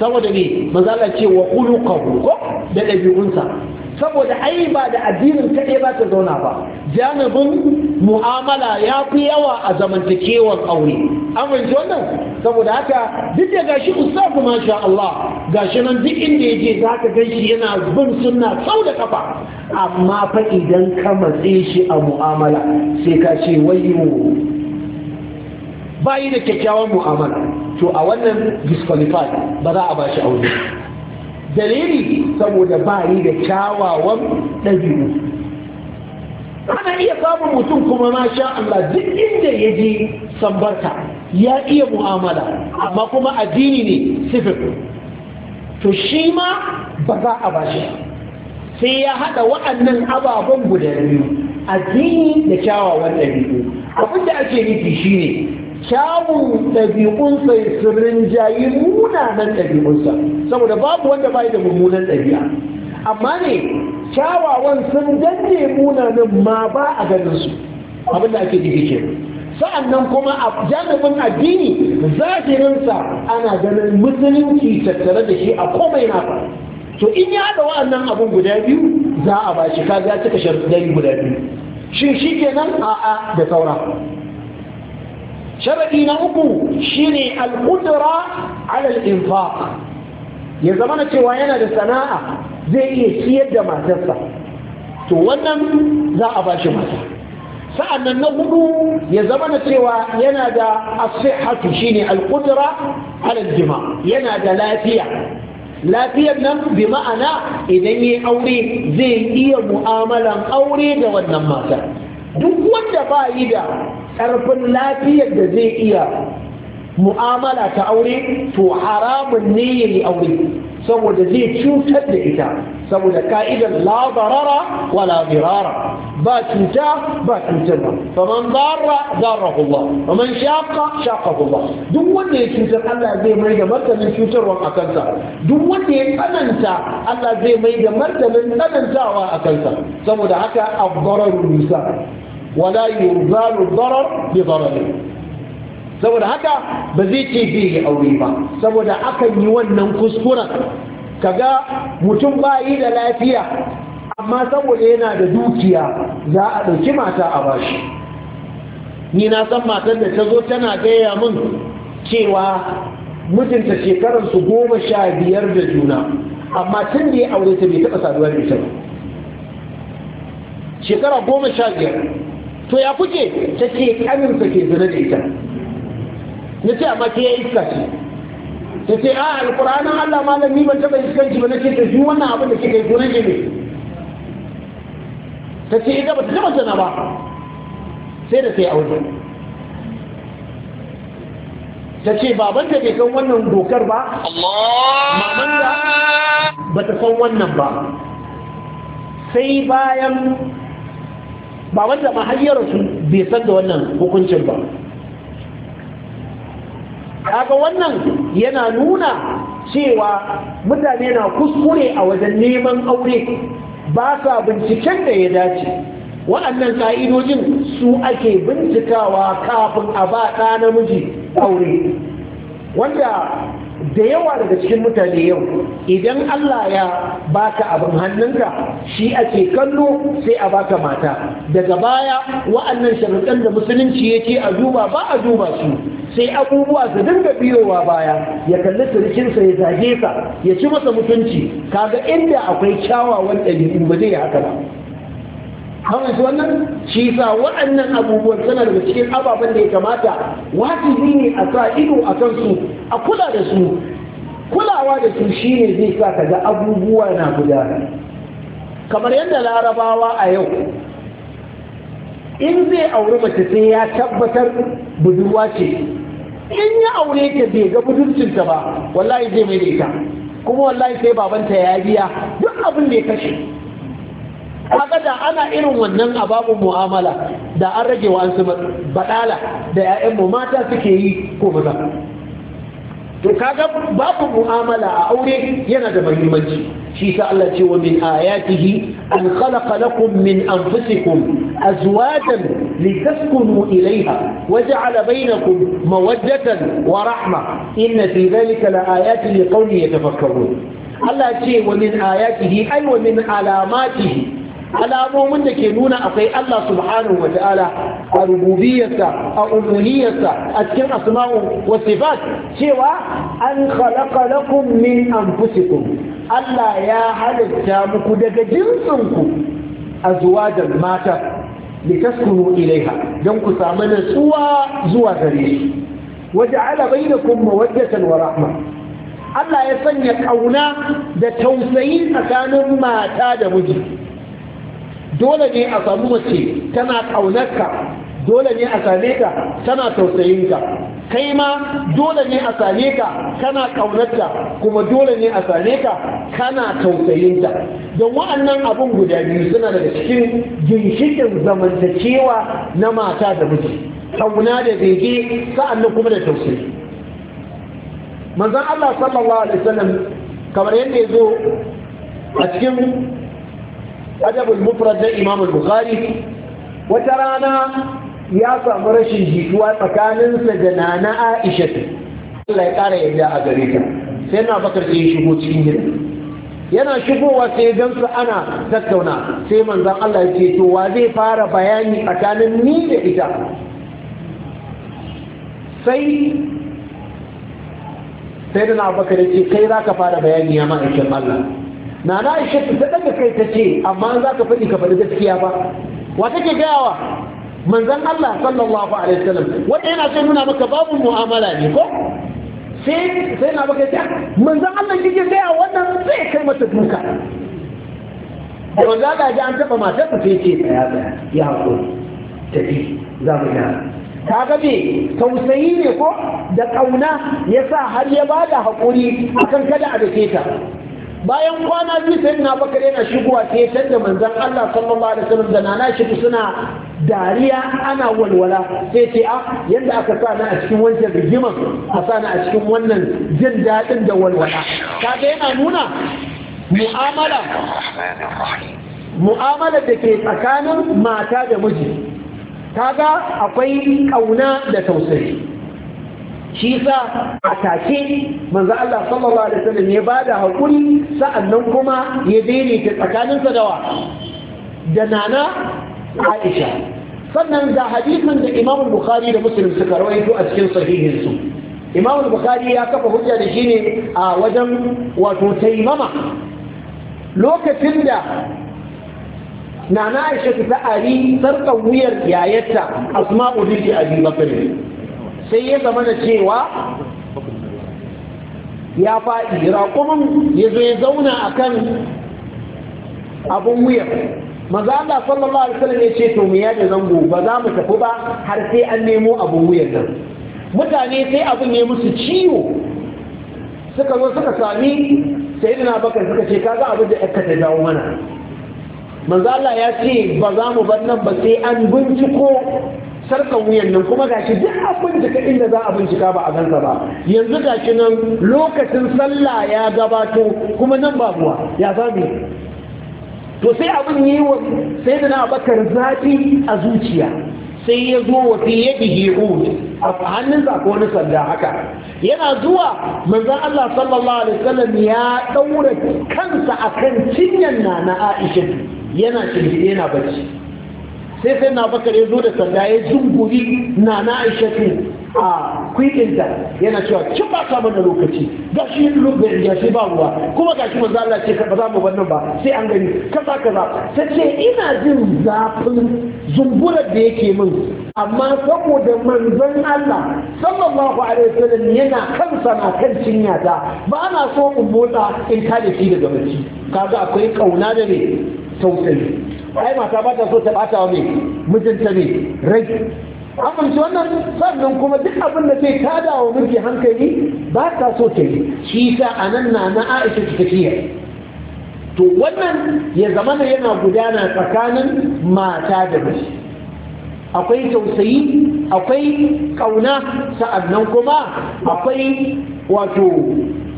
saboda ne mazala ce wa kulukahu ko da ɗabi'unsa saboda ai ba da addinin kaɗai ba ta zauna ba janibin mu'amala ya fi yawa a zamantakewar aure amince wannan saboda haka duk da gashi ustazu masha Allah gashi nan duk inda yake za ka ganshi yana bin sunna sau da kafa amma fa idan ka matse shi a mu'amala sai ka ce wayo bayi da kyakkyawan mu'amala to a wannan disqualified ba za a ba shi aure dalili saboda bayi da kyawawan ɗabi'u ana iya samun mutum kuma ma sha Allah duk inda ya je sambarka ya iya mu'amala amma kuma addini ne sifir to shi ma ba za a ba shi sai ya haɗa waɗannan ababen guda biyu addini da kyawawan ɗabi'u abin da ake nufi shine kyawun ɗabi'unsa ya sirrin jayi munanan ɗabi'unsa saboda babu wanda bai da mummunan ɗabi'a amma ne kyawawan sun danne munanan ma ba a ganin su abin da ake jiki ke sa'an nan kuma a jami'in addini zahirinsa ana ganin musulunci tattare da shi a komai na to in ya haɗa wa'annan abin guda biyu za a ba shi kaga cika sharuɗai guda biyu shin shi kenan a'a da saura sharadi na uku shine al-qudra ala al-infaq ya zama na cewa yana da sana'a zai iya siyar da matarsa to wannan za a bashi mata sa'annan na hudu ya zama na cewa yana da asihatu shine al-qudra ala al-jima yana da lafiya lafiyar nan bi ma'ana idan yi aure zai iya mu'amalan aure da wannan mata duk wanda ba yi da ƙarfin lafiyar da zai iya mu'amala ta aure to haramun ne ya yi aure saboda zai cutar da ita saboda ka'idar la barara wa la ba cuta ba cutar ba faman zarra zarra Allah faman shaqa shaqa Allah duk wanda ya cutar Allah zai mai da martanin cutarwan a kansa duk wanda ya tsananta Allah zai mai da martanin tsanantawa a kansa saboda haka abdarar nisa wala yurzalu darar bi darari saboda haka ba zai ce zai yi aure ba saboda akan yi wannan kuskuren kaga mutum bayi da lafiya amma saboda yana da dukiya za a ɗauki mata a bashi ni na san matar da ta zo tana gaya min cewa mijinta shekararsu goma sha biyar da juna amma tun da ya aure ta bai taɓa saduwa da ita ba shekara goma sha biyar to ya kuke ta ce kaninsa ke zina da ita na ce amma ke ya iska ce ta ce a alkuranin allah ma ni ban taɓa iskanci ba na ce ta shi wannan abin da ke yi sunan shi ne ta ce ita ba ta taba zana ba sai da sai aure ta ce ta ke kan wannan dokar ba ta ba ta san wannan ba sai bayan ba wanda ma bai san da wannan hukuncin ba kaga wannan yana nuna cewa mutane na kuskure a wajen neman aure ba sa binciken da ya dace waɗannan ƙa'idojin su ake bincikawa kafin a ba ɗa namiji aure wanda da yawa daga cikin mutane yau idan Allah ya baka abin hannunka shi ake kallo sai a baka mata daga baya wa'annan sharuɗan da musulunci yake a duba ba a duba su sai abubuwa su dinga biyowa baya ya kalli surukinsa ya zage sa ya ci masa mutunci kaga inda akwai kyawawan ɗabi'u ba zai haka ba kawai su wannan shi sa waɗannan abubuwan suna daga cikin ababen da ya kamata wajibi ne a sa ido a kansu a kula da su kulawa da su shi ne zai sa ka ga abubuwa na gudana kamar yadda larabawa a yau in zai auri mace sai ya tabbatar budurwa ce in ya aure ta bai ga budurcinta ba wallahi zai mai da kuma wallahi sai babanta ya biya duk abin da ya kashe haka da ana irin wannan a babu mu'amala da an rage wa su badala da mu mata suke yi ko maza to kaga babu mu'amala a aure yana da muhimmanci shi sa Allah ce wa min ayatihi an khalaqa lakum min anfusikum azwajan litaskunu ilayha wa ja'ala bainakum mawaddatan wa rahma inna fi dhalika laayatin liqawmin yatafakkarun Allah ce wa min ayatihi ay wa min alamatihi alamomin da ke nuna akwai Allah subhanahu wa ta'ala a rububiyarsa a uluhiyarsa a cikin asma'u wa sifat cewa an khalaqa lakum min anfusikum Allah ya halitta muku daga jinsinku da mata litaskunu ilaiha don ku samu natsuwa zuwa gare shi waja'ala bainakum mawaddatan wa rahma Allah ya sanya kauna da tausayi tsakanin mata da miji dole ne a samu mace tana ƙaunarka dole ne a same ka tana tausayin ka kai ma dole ne a same ka kana ƙaunarta kuma dole ne a same ka kana tausayin ta don wa'annan abun guda biyu suna daga cikin ginshikin zamantakewa na mata da miji ƙauna da bege sa'annan kuma da tausayi manzon Allah sallallahu alaihi wasallam kamar yadda ya zo a cikin adabul mufrad na imam bukhari wata rana ya samu rashin jituwa tsakaninsa da nana aisha Allah ya ƙara yadda a gare ta sai na bakar sai shigo cikin gida yana shigowa sai ya su ana tattauna sai manzon Allah ya ce to wa zai fara bayani tsakanin ni da ita sai sai da na bakar ya ce kai za ka fara bayani ya ma'aikin Allah na na aisha ta daga kai ta ce amma za ka faɗi ka faɗi gaskiya ba wa take gayawa manzon Allah sallallahu alaihi wasallam wanda yana so nuna maka babu mu'amala ne ko sai sai na baka ta manzon Allah kike gaya wannan zai kai mata duka da manzon Allah ji an taba matar ta ce ya ya hakuri tafi za mu yi ga me tausayi ne ko da kauna yasa har ya bada hakuri akan kada a dake ta bayan kwana biyu sai na bakar yana shigowa sai can da manzon Allah sallallahu alaihi wasallam da nana shi suna dariya ana walwala sai ce a ah, yadda aka sa a cikin wancan rigiman a sa a cikin wannan jin daɗin da walwala kaga yana nuna mu'amala mu'amala da ke tsakanin mata da miji kaga akwai kauna da tausayi shi sa a take manzo Allah sallallahu alaihi wasallam ya bada hakuri sa'annan kuma ya daidaita tsakaninsa da wa da nana Aisha sannan ga hadisin da Imam Bukhari da Muslim suka rawaito a cikin sahihin su Imam Bukhari ya kafa hujja da shi ne a wajen wato taimama lokacin da nana Aisha ta ari sarkan wuyar yayarta Asma'u binti Abi Bakr sai ya zama da cewa ya faɗi raƙumin ya zo ya zauna a kan abin wuyar maza Allah sallallahu alaihi wasallam ya ce to mu yaje zango ba za mu tafi ba har sai an nemo abin wuyar nan mutane sai abin ne musu ciwo suka zo suka sami sayyidina bakar suka ce kaga abin da aka ta dawo mana manzo Allah ya ce ba za mu bar nan ba sai an binciko sarkan wuyan nan kuma gashi duk abin da inda za a bincika ba a gansa ba yanzu gashi nan lokacin sallah ya gabato kuma nan babuwa ya zame to sai abin yi wa sai da na bakar zafi a zuciya sai ya zo wa fi yadda hi'ud a hannunsa ko wani sanda haka yana zuwa manzo Allah sallallahu alaihi wasallam ya daura kansa akan cinyan na na Aisha yana shirye yana bacci sai sai na bakar ya zo da sanda ya zunguri na na aishatu a kwikinta yana cewa ci ba ta mana lokaci ga shi yin rubin ya shi ba ruwa kuma ga shi manzo Allah ce ba za mu wannan ba sai an gani kaza kaza ta ce ina jin zafin zumburar da yake min amma saboda manzon Allah sallallahu alaihi wasallam yana kansa na kan cinya ta ba na so in motsa in kada shi daga bacci kaga akwai kauna da ne tausayi ai mata ba ta so ta bata wa mai mijinta ne rai amince wannan sannan kuma duk abin da zai tada wa miji hankali ba ta so ta yi shi ta anan na na Aisha ta tafiya to wannan ya zama na yana gudana tsakanin mata da miji akwai tausayi akwai kauna sa'annan kuma akwai wato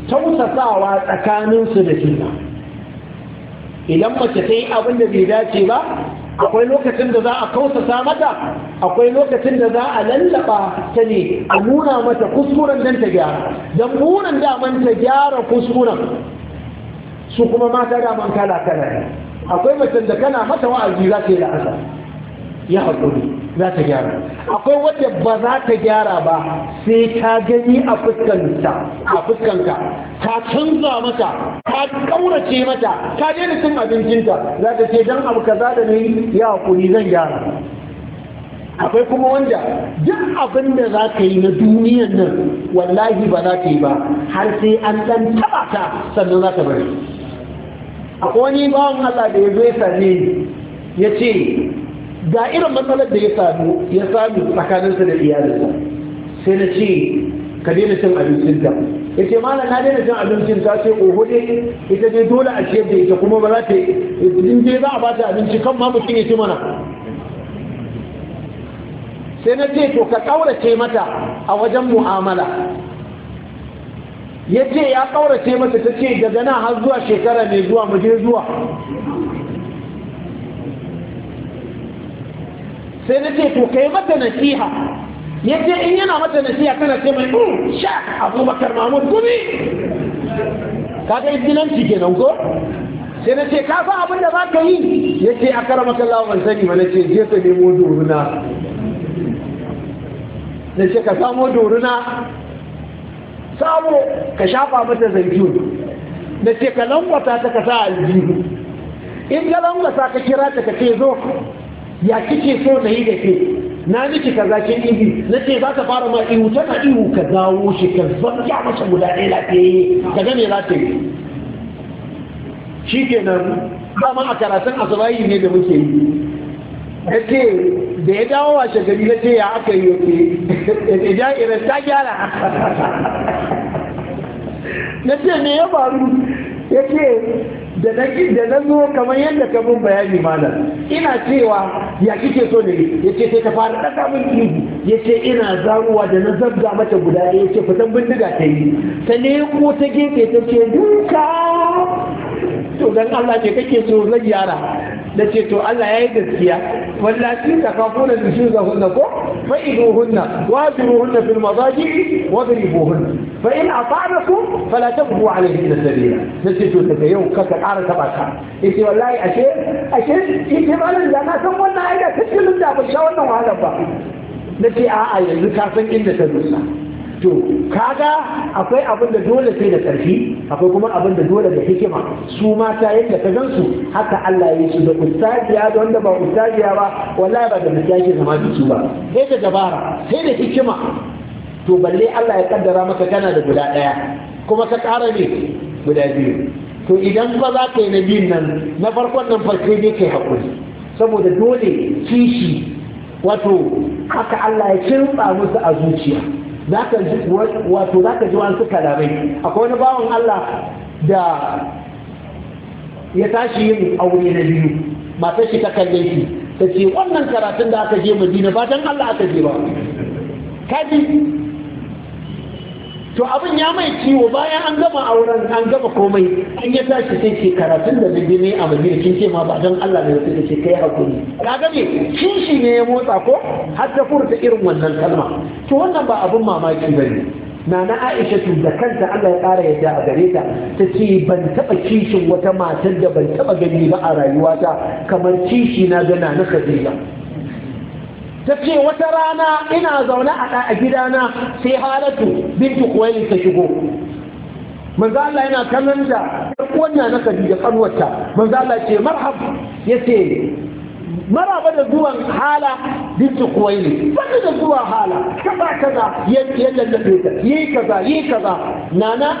tausasawa tsakaninsu da juna idan mace ta yi abin da bai dace ba akwai lokacin da za a kausasa mata akwai lokacin da za a lallaba ta ne a nuna mata kuskuren don ta gyara don munan daman ta gyara kuskuren su kuma mata daman kala kala akwai mace da kana mata wa'azi za ta yi la'asa ya haƙuri za ta gyara akwai wadda ba za ta gyara ba sai ta gani a fuskanta a fuskanta ta canza mata ta kaurace mata ta daina cin abincinta za ta ce dan abu kaza da ni ya hakuri zan gyara akwai kuma wanda duk abin da za ka yi na duniyan nan wallahi ba za ta yi ba har sai an dan taba ta sannan za ta bari akwai wani bawan Allah da ya zo ya ya ce ga irin matsalar da ya samu ya samu tsakaninsa da iyalinsa sai na ce ka daina cin abincin ta ya ce malam na daina cin abincin ta ce oho ne ita ne dole a ciyar da ita kuma ba za ta yi. in dai za a ba ta abinci kan ma mutum ya ci mana sai na ce to ka kaurace mata a wajen mu'amala ya ce ya kaurace mata ta ce daga nan har zuwa shekara mai zuwa mu je zuwa sai na ce to kai mata nasiha ya ce in yana mata nasiha kana ce mai um sha abubakar mahmud gumi kaga izinanci kenan ko sai na ce ka fa abin da za ka yi ya ce a kara maka lawan sani ma na ce je ka nemo doruna na ce ka samo doruna Samu ka shafa mata zaitun na ce ka lambata ta ka sa aljihu in ka lambata ka kira ta ka ce zo ya kike so na yi da ke na miki kaza kin ihu na ce za ka fara ma ihu tana ihu ka dawo shi ka zanja masa guda ɗaya lafiyayye ka ga me za ta yi shi kenan dama a karatun asibayi ne da muke yi ya ce da ya dawo wa shagari na ce ya aka yi yake ya [laughs] irin ta gyara [laughs] na ce me ya faru ya ce da na da na zo kamar yadda ka mun bayani malam ina cewa ya kike so ne yace sai ta fara ɗaga min ya yace ina zaruwa da na zabga mata guda ya ce fitan bindiga ta yi ta ne ko ta gefe ta ce duka to dan Allah ke kake so zan yara da ce to Allah ya yi gaskiya wallafi da kafuna da shi ga hunna ko fa idu hunna wa biru hunna fil mazaji wa dribu hunna fa in ata'nakum fala tabghu alayhi sabila da ce to daga yau kaka ƙara taba ka ce wallahi ashe ashe ita malan da na san wannan aida kace mun da ba sha wannan wahalar ba ce a'a yanzu ka san inda ta dusa to kaga akwai abin da dole sai da ƙarfi akwai kuma abin da dole da hikima su mata yadda ka gan su haka Allah ya yi su da don da wanda ba ustaziya ba wallahi ba da misali zama da su ba sai da dabara sai da hikima to balle Allah ya kaddara maka kana da guda ɗaya kuma ka kara ne guda biyu to idan ba za ka yi na biyun nan na farkon nan farko ne kai haƙuri saboda dole kishi wato haka Allah ya kirba musu a zuciya za ka ji wato za ka ji suka labai akwai wani bawan Allah da ya tashi yin aure na biyu matar shi ta kalle shi ta ce wannan karatun da aka je madina ba dan Allah aka je ba kaji to abin ya mai ciwo bayan an gama auren an gama komai an ya tashi sai ke karatun da zai ne a da kin ce ma ba don Allah ne sai ce kai hakuri ga me kishi ne ya motsa ko har ta furta irin wannan kalma to wannan ba abin mamaki bane nana Aisha tun da kanta Allah ya ƙara yadda a gare ta ta ce ban taɓa kishin wata matar da ban taɓa gani ba a rayuwata kamar kishi na ga nana Khadija ta ce wata rana ina zaune a gidana sai halatu bintu kuwaili ta shigo manzo Allah yana kallon da wannan na da kanwarta manzo Allah ce marhab yace maraba da zuwan hala bintu kuwaili baka da zuwa hala kaza kaza ya lallabe ta yi kaza yi kaza nana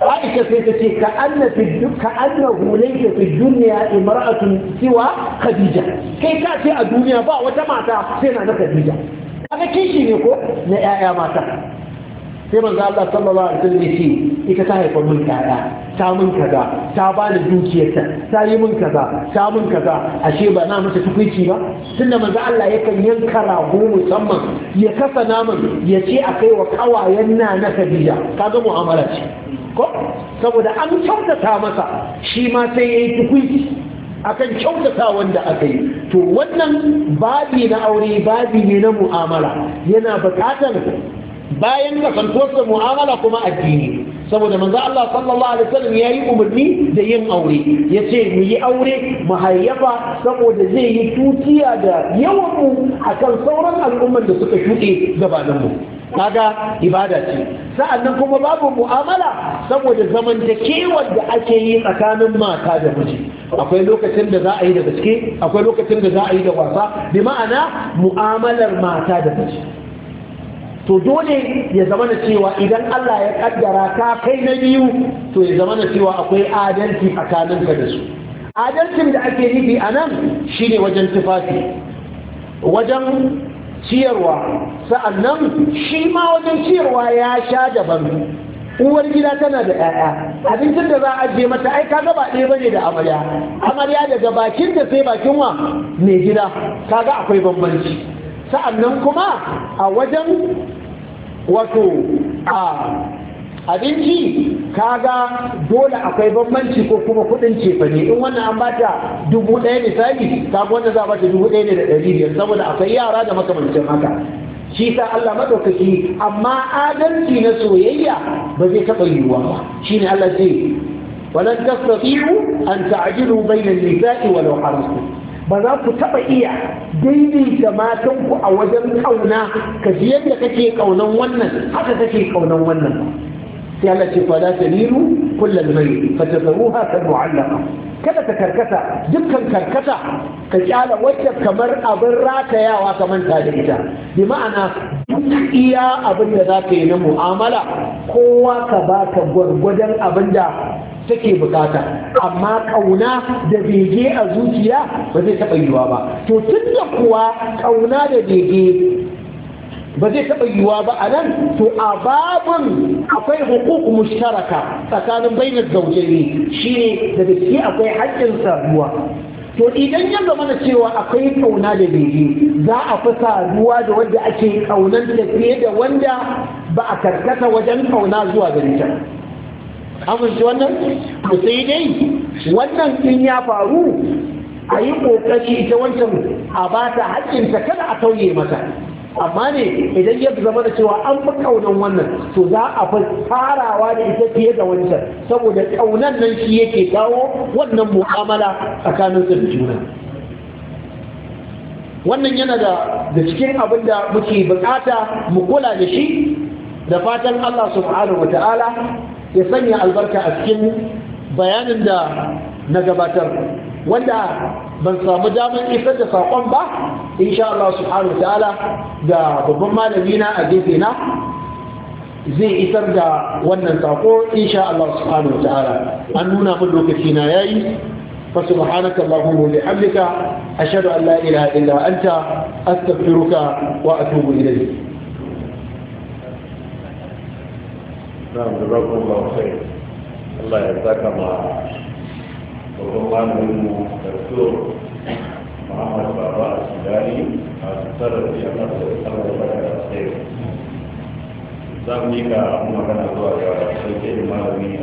aisha sai ta ce ka anna fi fi dunya imra'atun siwa khadija kai ka ce a duniya ba wata mata sai na na khadija kaga kishi ne ko na yaya mata sai manzo Allah sallallahu alaihi wasallam ya ce ita ta haifar mun kaya ta mun kaza ta bani dukiyarta ta yi mun kaza ta mun kaza ashe ba na mata tukuici ba tunda manzo Allah yakan yanka rago musamman ya kasa naman ya ce a kai wa kawayen na na Khadija kaga mu'amala ce ko saboda an kyautata masa shi ma sai yayi tukuici akan kyautata wanda aka yi to wannan babi na aure babi ne na mu'amala yana bukatar bayan kasantuwarsa mu'amala kuma addini saboda manzo Allah sallallahu alaihi wasallam yayi umarni da yin aure yace mu yi aure mu hayyafa saboda zai yi tutiya da yawan mu akan sauran al'umman da suka shuɗe gabanin mu kaga ibada ce sa'annan kuma babu mu'amala saboda zamantakewar da ake yi tsakanin mata da miji akwai lokacin da za a yi da gaske akwai lokacin da za a yi da wasa bi ma'ana mu'amalar mata da miji to dole ya zama na cewa idan Allah ya kaddara ka kai na biyu to ya zama na cewa akwai adalci tsakaninka da su adalcin da ake nufi a nan shine wajen tufafi wajen ciyarwa sa'annan shi ma wajen ciyarwa ya sha daban uwar gida tana da 'ya'ya abincin da za a je mata ai kaga ba ɗaya bane da amarya amarya daga bakin da sai bakin wa mai gida kaga akwai bambanci sa'annan kuma a wajen wato a abinci kaga dole akwai bambanci ko kuma kudin cefane in wannan an bata dubu ɗaya misali kaga wannan za bata dubu ɗaya ne da ɗari biyar saboda akwai yara da makamancin haka shi sa Allah madaukaki amma adalci na soyayya ba zai taɓa yiwuwa ba shine Allah zai walan tastati'u an ta'jilu bayna nisai walau harastu ba za ku taɓa iya daidaita matanku a wajen ƙauna ka ji yadda kake ƙaunan wannan haka kake ƙaunan wannan sai Allah ce fa la tamilu kullal mayl fa tazaruha kal mu'allaqa kada ka karkata dukkan karkata ka kyala wacce kamar abin ratayawa ka manta da ita bi ma'ana iya abin da za ka yi na mu'amala kowa ka ba ka gwargwadon abin da take bukata amma kauna da bege a zuciya ba zai taɓa yiwuwa ba to tun da kuwa kauna da bege ba zai taɓa yiwuwa ba a nan to a babin akwai hukuk mushtaraka tsakanin bainar shi shine da gaske akwai haƙƙin saduwa to idan ya zama na cewa akwai kauna da bege za a fi saduwa da wanda ake kaunan da fiye da wanda ba a karkata wajen kauna zuwa gari ta amince wannan to sai dai wannan in ya faru a yi kokari ita wancan a ba ta haƙƙinta kada a tauye mata amma ne idan ya zama da cewa an fi ƙaunar wannan to za a fi farawa da ita fiye da wancan saboda ƙaunar nan shi yake kawo wannan mu'amala tsakanin su da juna wannan yana da da cikin abin da muke bukata mu kula da shi da fatan Allah subhanahu wa ta'ala ya sanya albarka a cikin bayanin da na gabatar wanda ban samu damar isar da saƙon ba insha Allah subhanahu wa ta'ala da babban malami na a gefe na zai isar da wannan saƙo insha Allah subhanahu wa ta'ala an nuna min lokaci na yayi fa subhanaka allahumma wa bihamdika ashhadu an la ilaha illa anta astaghfiruka wa atubu ilayk na'am da zakon ba sai Allah ya saka ma babban malamin mu da so Muhammad Baba a Sudani a tsarar da ya fara da tsarar da sai za mu yi ka magana zuwa ga sarki malami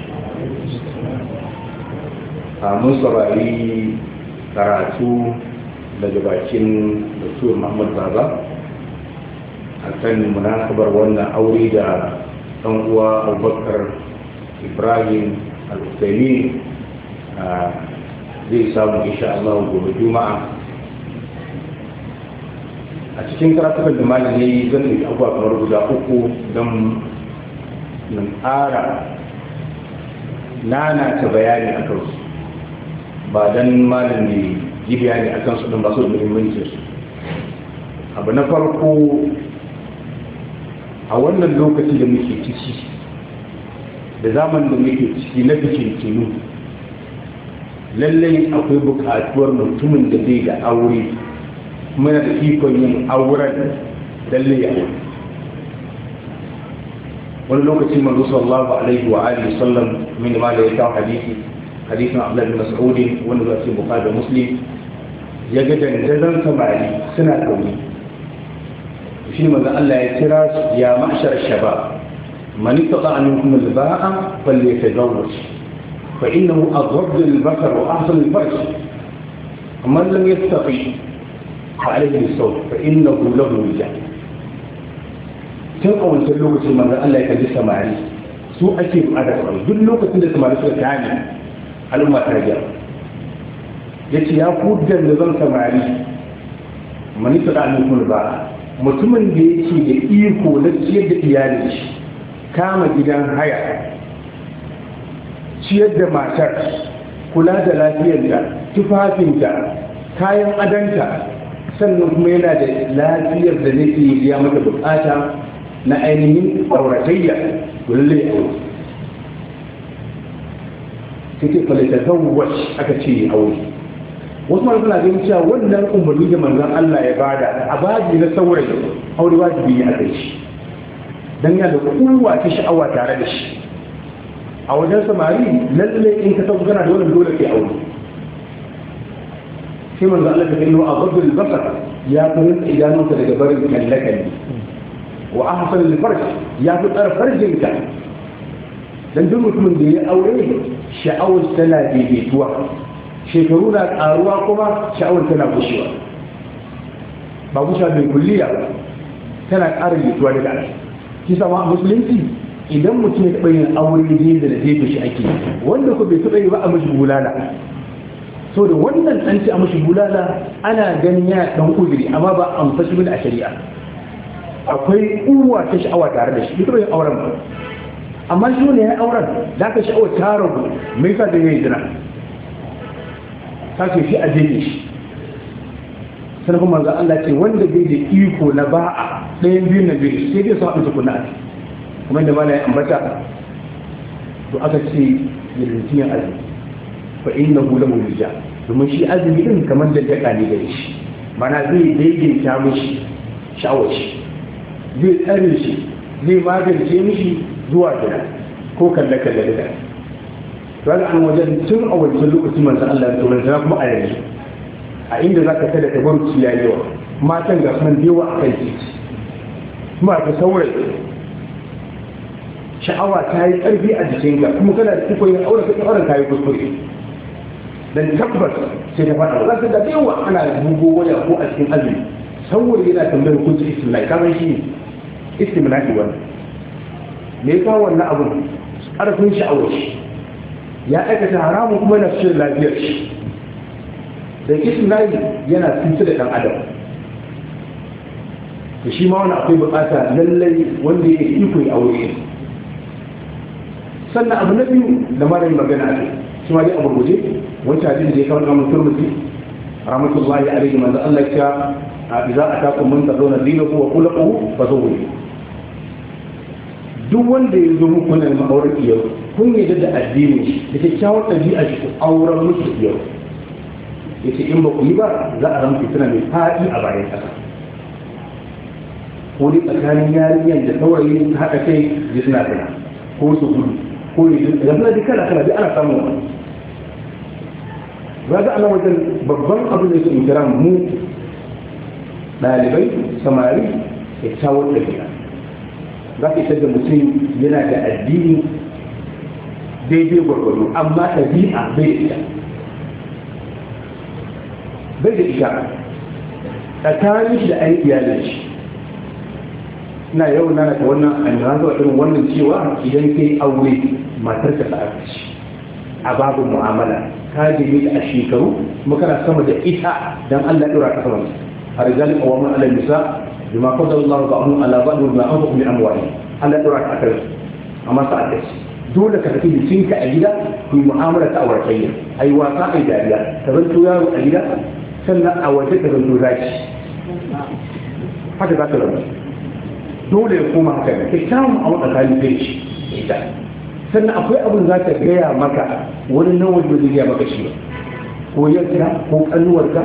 mun saurari karatu daga bakin dr muhammad baba a kan munasabar wannan aure da ɗan uwa abubakar ibrahim al-husaini zai samu isha Allah gobe juma'a a cikin karatukan da ne zan yi abuwa kamar guda uku don nan ƙara nana ta bayani a kansu ba dan malami yi ne a su don ba su da muhimmanci su abu na farko a wannan lokaci da muke ciki da zaman da muke ciki na bikin kinu lallai akwai bukatuwar mutumin da zai da aure muna da ikon yin auren lallai ya wani lokaci manzo sallallahu alaihi wa alihi sallam min ma da ya kawo hadisi hadisin abdullahi mas'ud wanda zai cikin bukhari da muslim ya ga dandazon samari suna kauri shi maza Allah ya kira su ya ma'shar shabab man istata'a minkum al-ba'a falyatazawwaj fa innahu adhabbu al-basar wa ahsanu al-farj man lam yastati fa alayhi as-sawm fa innahu lahu al-jannah tun a wancan lokacin manzan Allah ya kalli samari su ake buƙatar su duk lokacin da samari suka kame al'umma ta ya ce ya kudin da zan samari manisa da ba mutumin da ya ce da iko na ciyar da iyali shi kama gidan haya ciyar da matar kula da lafiyarta tufafinta kayan adanta sannan kuma yana da lafiyar da nake biya mata bukata na ainihin auratayya lalle aure sai ce falita zawwash aka ce aure wasu masu suna ganin cewa wannan umarni da manzon Allah ya bada a baji na saurayi aure wajibi ne a kai shi dan yana da kowa ta sha'awa tare da shi a wajen samari lallai in ka tabbata kana da wannan dole kai aure sai manzo Allah ta kallo a gabdul basar ya farin idanunka daga barin kalle wa ahsan al farj ya fi farjinka dan duk mutumin da ya aure sha'awar tana daidaituwa shekaru na karuwa kuma sha'awar tana gushewa ba gusha bai kulliya tana ƙara jituwa daga ala kisa ma musulunci idan mutum ya taɓa yin aure ne da zai shi ake wanda ku bai taɓa yi ba a mashi bulala so da wannan an ce a mashi bulala ana ganin ya ɗan uzuri amma ba a amfashi a shari'a akwai uwa ta sha'awa tare da shi ita yin auren ba amma shi ne ya auren da aka sha'awar taron ku. mai sa da ya yi jira ta ce shi a jini shi sai kuma za Allah ce wanda bai da iko na ba'a ɗayan biyu na biyu sai dai su haɗu su kula kuma da malai ambata to aka ce yarjiyar azumi fa innahu lahu rijal domin shi azumi din kamar da daka ne gare shi mana zai daidaita mishi sha'awar shi zai tsare shi zai magance mishi zuwa gida ko kalle kalle gida wani an wajen tun a wajen lokacin manzan Allah ya tsoron kuma a yanzu a inda za ka kada ta barci ya yawa matan ga sunan dewa a kai kuma ka saurayi sha'awa ta yi ƙarfi a jikinka kuma kana da ikon yin aure ka aure ka yi kuskure dan tabbas sai da fara za ka da dewa ana bugo waya ko a cikin azumi saurayi yana tambayar kuskure ka kamar shi ne istimlai wannan me yasa wannan abun shi sha'awar wuce ya aikata haramun kuma na cikin lafiyar shi da nayi yana cutar da dan adam da shi ma wani akwai bukata lallai wanda ya iko ya aure sannan abu na biyu da mara magana a shi ma dai abu guje wancan hadin da ya kawo kamar turmuti rahmatullahi alaihi manzo Allah ya a a idza atakum man tadawna dinahu wa zo fazawwiju duk wanda ya zo muku nan ma'aurar iyau kun yadda da addini shi da kyakkyawar ɗabi'a shi auren musu iyau ya ce in ba ku yi ba za a ramfi fitina mai faɗi a bayan ƙasa ko dai tsakanin yarinyar da saurayi ta haɗa kai ya suna tana ko su gudu ko ne da suna duk kala kala duk ana samun wani ba za a na wajen babban abin da su in mu ɗalibai samari kyakkyawar ɗabi'a za ka isar da mutum yana da addini daidai gwargwado amma ɗabi'a bai da ita bai da ita tsakanin shi da ayi iyalin shi ina yau na ta wannan alhazu a irin wannan cewa idan kai aure matar ka sa'a ce a babu mu'amala ka jini da a shekaru kuma kana sama da ita don Allah ya dora ka sama a rijal qawamun ala nisa bima fadala Allah ba'ahu ala ba'du ma anfaqu min amwalihim ala ya akal ka amma sa aka dole ka tafi ka a gida ku mu'amala ta awarkayya ai wasa ai dariya ka zanto yaro a gida sannan a waje ka zanto zaki haka za ka zama dole ya koma haka ne kyakkyawan wata kali zai ci ita sannan akwai abin za ka gaya maka wani nawa da zai gaya maka shi ko yanka ko kanuwarka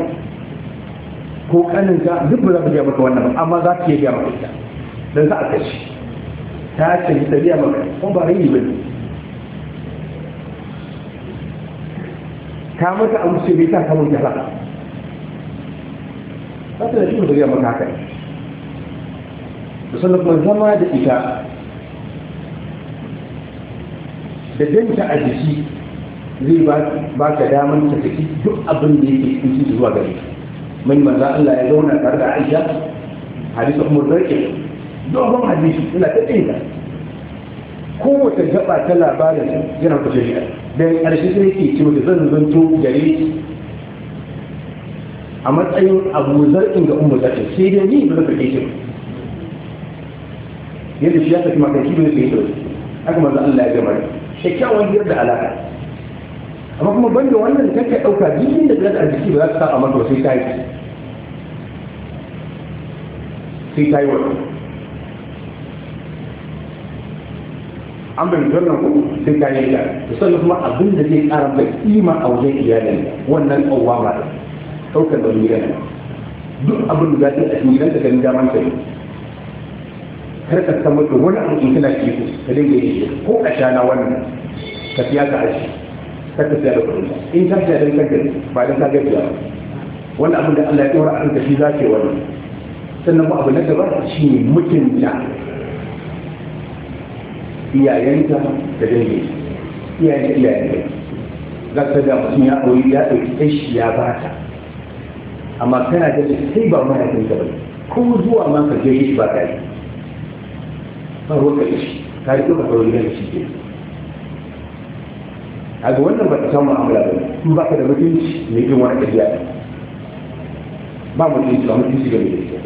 ko kanin ka duk ba za ka biya maka wannan ba amma za ka iya biya maka ita dan za a kashi ta ce ta biya maka kuma ba rini ba ne ka mata a musu bai ta kamun ta ba ta da shi ba biya maka haka da sannan kuma zama da ita da danta a jiki zai ba ka damar ta saki duk abin da yake cikin zuwa gare ka mai manzan Allah ya zauna tare da Aisha hadisi Umar Zarki dogon hadisi ina ta ko wata gaba ta labarin yana kusa shi da ƙarshe sai ke cewa da zan zanto gare a matsayin abu zarkin ga umar zarki sai dai ni ba zai kai yadda shi ya saki maka shi ba zai kai shi haka manzan Allah ya gama kyakkyawan da alaka amma kuma banda wannan ta dauka ɗauka jikin da blood a jiki ba za ta saba mata sai ta sai ta yi wata an bai wannan ku sai ta yi da sannan kuma abin da zai ƙara mai kima a wajen iyali wannan ƙawama da ɗaukar da gani duk abin da za ta yi a cikin gidan ta ganin daman ta yi kar ka samu wani abu in kana ciki ka dinga yi ko a shana wannan ka fiya ka aji kakka siya da kuɗin in ta siya don kanka ba da ta gajiya ba wannan abin da Allah ya ɗora a kanka shi za ke wani sannan ba abu na gaba shi ne mutunta iyayenta da dangi iyayen da iyayen za ka ga mutum ya auri ya ɗauki ɗashi ya ba ta amma kana da sai ba mahaifinka ba ko zuwa ma ka je shi ba ka yi ba ruwa ka yi shi ka yi ɗauka ka ruwa da shi ke a ga wannan ba ta samu amala ba in ba ka da mutunci mai irin wani ɗabi'a ba mutunci ba mutunci ga mai ɗabi'a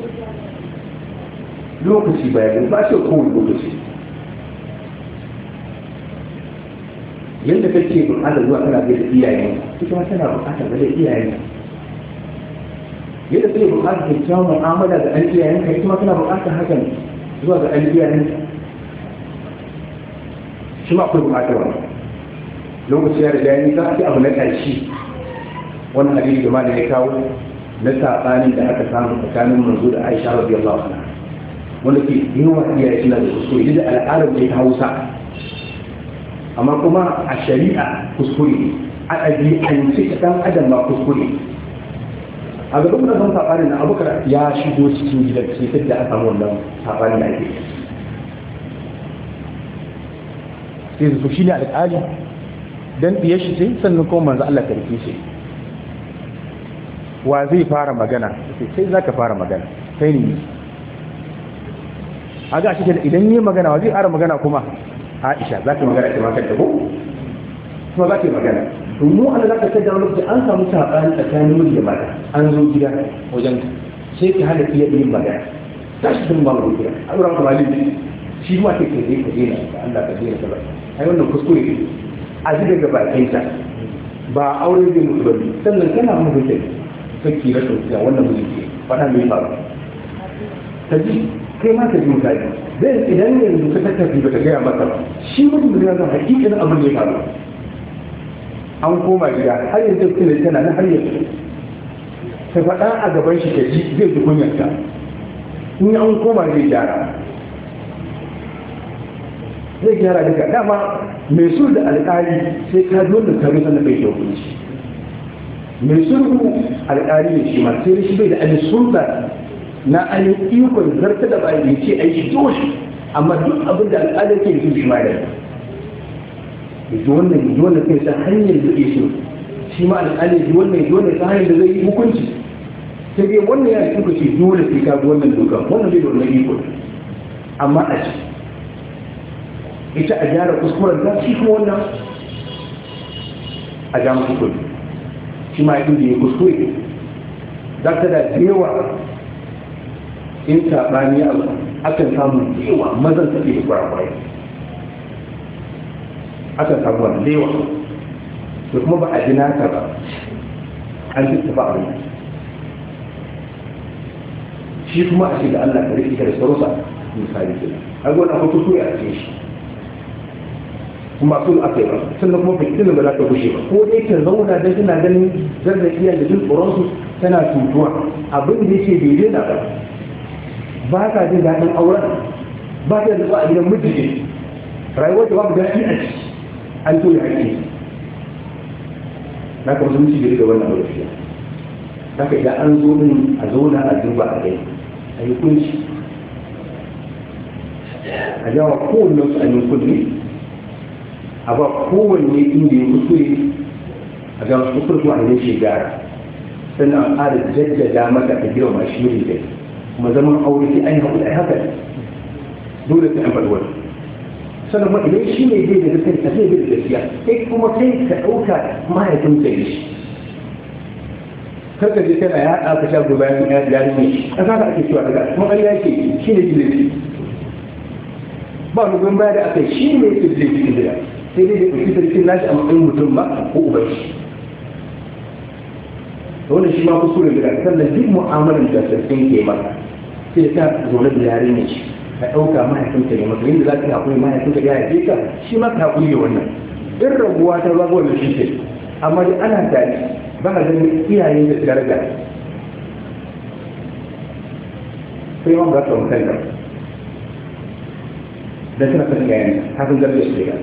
lokaci bayan ba shi kowane lokaci yadda kake buƙatar zuwa kana gaida iyayen ita ma tana buƙatar gaida iyayen yadda kake buƙatar kyawun mu'amala da ɗan iyayen ka ita ma tana bukatar hakan zuwa ga ɗan iyayen shi ma akwai bukatar wani lokaci ya riga yi za a ci abu na ƙarshe wannan hadisi da malam ya kawo na saɓani da aka samu tsakanin manzo da aisha radiyallahu anha wanda ke yiwa iyaye suna da kuskure da al'adar da ta hausa amma kuma a shari'a kuskure a ɗabi'ance ɗan adam ba kuskure a gaban da zan saɓani na abokar ya shigo cikin gidan sai ta da aka samu wannan saɓani da ake sai su shi ne alƙali dan diye shi ce sannan kuma manzo Allah karfi shi wa zai fara magana sai zaka fara magana sai ni a ga shi idan yi magana wa zai fara magana kuma Aisha za ka magana ta maka da ko kuma za ta magana domin Allah za ka da lokaci an samu sabani tsakanin mu da mata an zo gida wajen sai ka hada iya yin magana tashi sun ba mu gida a wurin kuma shi ma ke kai ka dena Allah ka jira ka ba ai wannan kuskure ne a ji daga bakinta ba aure zai mutu ba sannan tana mutu ta saki rashin kuya wannan mutu ke faɗa mai faru ta ji kai ma ta ji mutane zai idan yanzu ta tattafi ba ta gaya masa ba shi mutum da zai hakikin abin da ya faru an koma gida har yanzu da tana na har yanzu ta faɗa a gaban shi ta ji zai ji kunyarta in an koma zai gyara zai gyara duka dama mai sulhu da alƙali sai ka ji wanda taru sannan bai kunci mai sulhu alƙali ne shi ma sai shi bai da an sulta na an ikon zarta da ba ya ce aiki dole amma duk abin da al'ada ke da shi ma da ji wannan yanzu wannan kai sa hanyar da ya so shi ma al'ada yanzu wannan yanzu wannan ta hanyar da zai yi hukunci sai dai wannan ya kuka ce dole sai ka bi wannan dokan wannan zai da wannan ikon amma a ciki ita a gyara kuskuren ta shi kuma wannan a ja kuskure shi ma inda ya kuskure za ta da yawa in a akan samu yawa mazan tafi da A akan samu wani yawa da kuma ba a jina ta ba an fi ba a shi kuma a shiga da Allah ka rikita da sarusa misali ke nan. Agwai na hutu suya a cikin shi. masu aka yi ba sannan kuma fitinan ba za ta gushe ba ko dai ta zauna da tana ganin iya da jin tsoronsu tana cutuwa abin da yake daidai da ba ba ta jin daɗin auren ba ta zuwa a gidan mijiji rayuwar ta babu daɗi a ciki an to ya ake na kamar sun ci da wannan gaskiya ka idan an zo din a zauna a duba a gai a yi kunci a jawa kowanne su a yi kunci a ba kowanne inda ya kuskure a ga kusurku a yin shigara sannan a da jaddada maka a girma ma shi ne dai kuma zaman aure sai an yi haƙuri a haka dole sai an faɗuwar sannan ma idan shi ne zai da kai ta zai da gaskiya sai kuma kai ka ɗauka mahaifin ka yi shi karka je kana ya ka sha gobe bayan ya yarinya a kaka ake cewa daga kuma an ƙarya ce shi ne jilisi ba mu goyon baya da aka shi ne zai jilisi jilisi sai dai da ɗauki sarkin nashi a matsayin mutum ba ko uba shi da wannan shi ma kusurin da sannan duk mu'amalar da sarkin ke mata sai ta zaune da yarinya ne ka ɗauka mahaifinka ne maka yadda za ka haƙuri mahaifinka ya haife ka shi ma ka haƙuri wannan in rabuwa ta zago wannan shi ce amma da ana daɗi ba ka ganin iyayen da raga sai ma ba ta wankan da tana kan yayin ta kan zarge shi da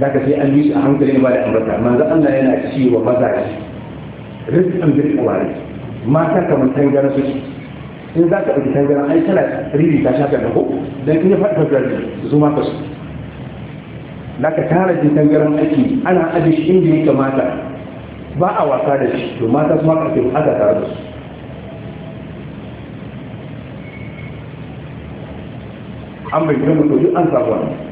zaka sai an yi a hankali ba da ambata manzo Allah yana ci wa mazaje rizqan bil qawari mata kamar tangara su ci. in za ka ɗauki tangara ai tana riri ta shafa da ko dan in ya faɗa da su ma ka su zaka tara jin tangaran aiki ana aje shi inda ya mata. ba a wasa da shi to mata su ma ka ke buƙata tare da su an bai kira mutu duk an samu wani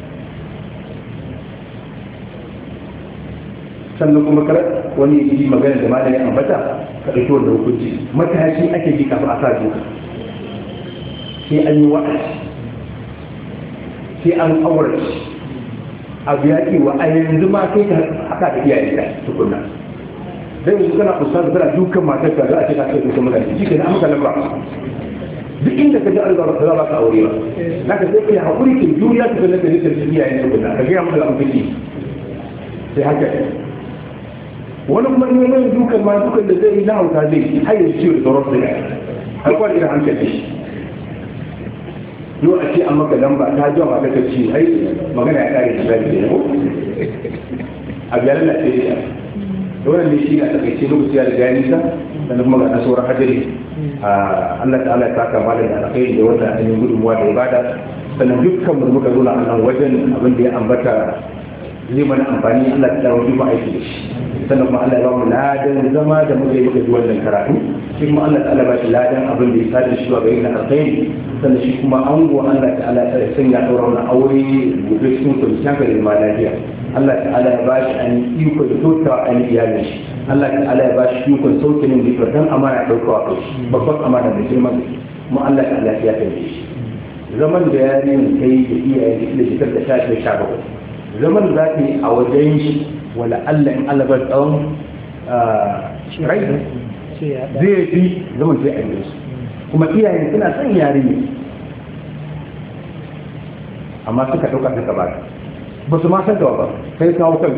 sannan kuma kar wani ya yi magana da malam ya ambata ka ɗauki wanda hukunci matashi ake ji kafin a sa doka sai an yi wa'azi sai an aurace abu ya ce wa a yanzu ma kai ka haka da iyaye ka tukunna dai yanzu kana kusa da dukkan matar ka za a ce ka kai kuma mutane shi kenan an kallon lamba duk inda ka ji an zaba ba ka aure ba na ka sai kai hakuri ke juriya ta zama da nisan iyaye tukunna ka gaya da amfani sai haka wani kuma ne mai dukan ma dukan da zai yi na hauka zai har yanzu ciwo da sauran su ne har kwan irin hankali shi yau a ce an maka lamba ta jiwa maka ta ce ai magana ya kare ta da ne a biyar na ce da wannan ne shi na takaice lokaci ya riga nisa sannan kuma ga na sauran a Allah ta'ala ya saka malam da alkhairi da wannan ainihin gudunmuwa da ibada sannan dukkan mu muka zo na nan wajen abin da ya ambata zai mana amfani Allah ta dawo ba aiki da shi sannan kuma Allah ya ba mu ladan zama da muke muka ji wannan karatu shi kuma Allah ta ba shi ladan abin da ya sadar shi ba bayin na alkhairi sannan shi kuma an go Allah ta Allah ta sanya daura wannan aure gobe cikin kwanciyar hankali da ma lafiya Allah ta Allah ya ba shi an iko da tota an iyalin shi Allah ta Allah ya ba shi iko sauƙin da dan amana ɗaukawa kai babban amana da girman mu Allah ta Allah ya kai shi zaman da ya kai da iyaye da shi da shi ta shafe sha zaman za ka yi a wajen shi wala Allah in alabar tsawon shirai ah, zai fi zaman sai a yi kuma iyayen suna son yare ne amma suka ɗauka suka ba ba su ma san gaba ba kai kawo ga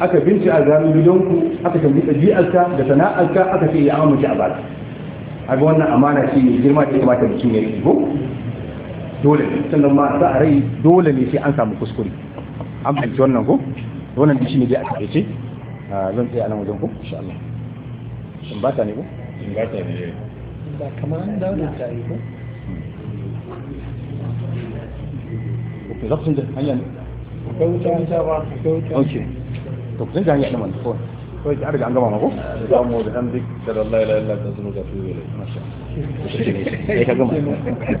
aka binci a zanen gidanku aka tambi ɗabi'arka da sana'arka aka ce ya amince a ba a ga wannan amana shi ne girma da ya kamata mutum ya ko dole sannan ma sa a rai dole ne sai an samu kuskure an fahimci wannan ko wannan shi ne dai a takaice ah, zan tsaye a nan wajen ku insha Allah in ba ta ne ko in ba ta ne ba kamar an dawo da tare ko ok za ku canza hanya ne ok wuta wuta ba akwai wuta ok to ku canza hanya ɗin wanda ko kawai ki arga an gama mako za mu da hannun duk da wa sallam ta zuru ga tuwe ne masha ka gama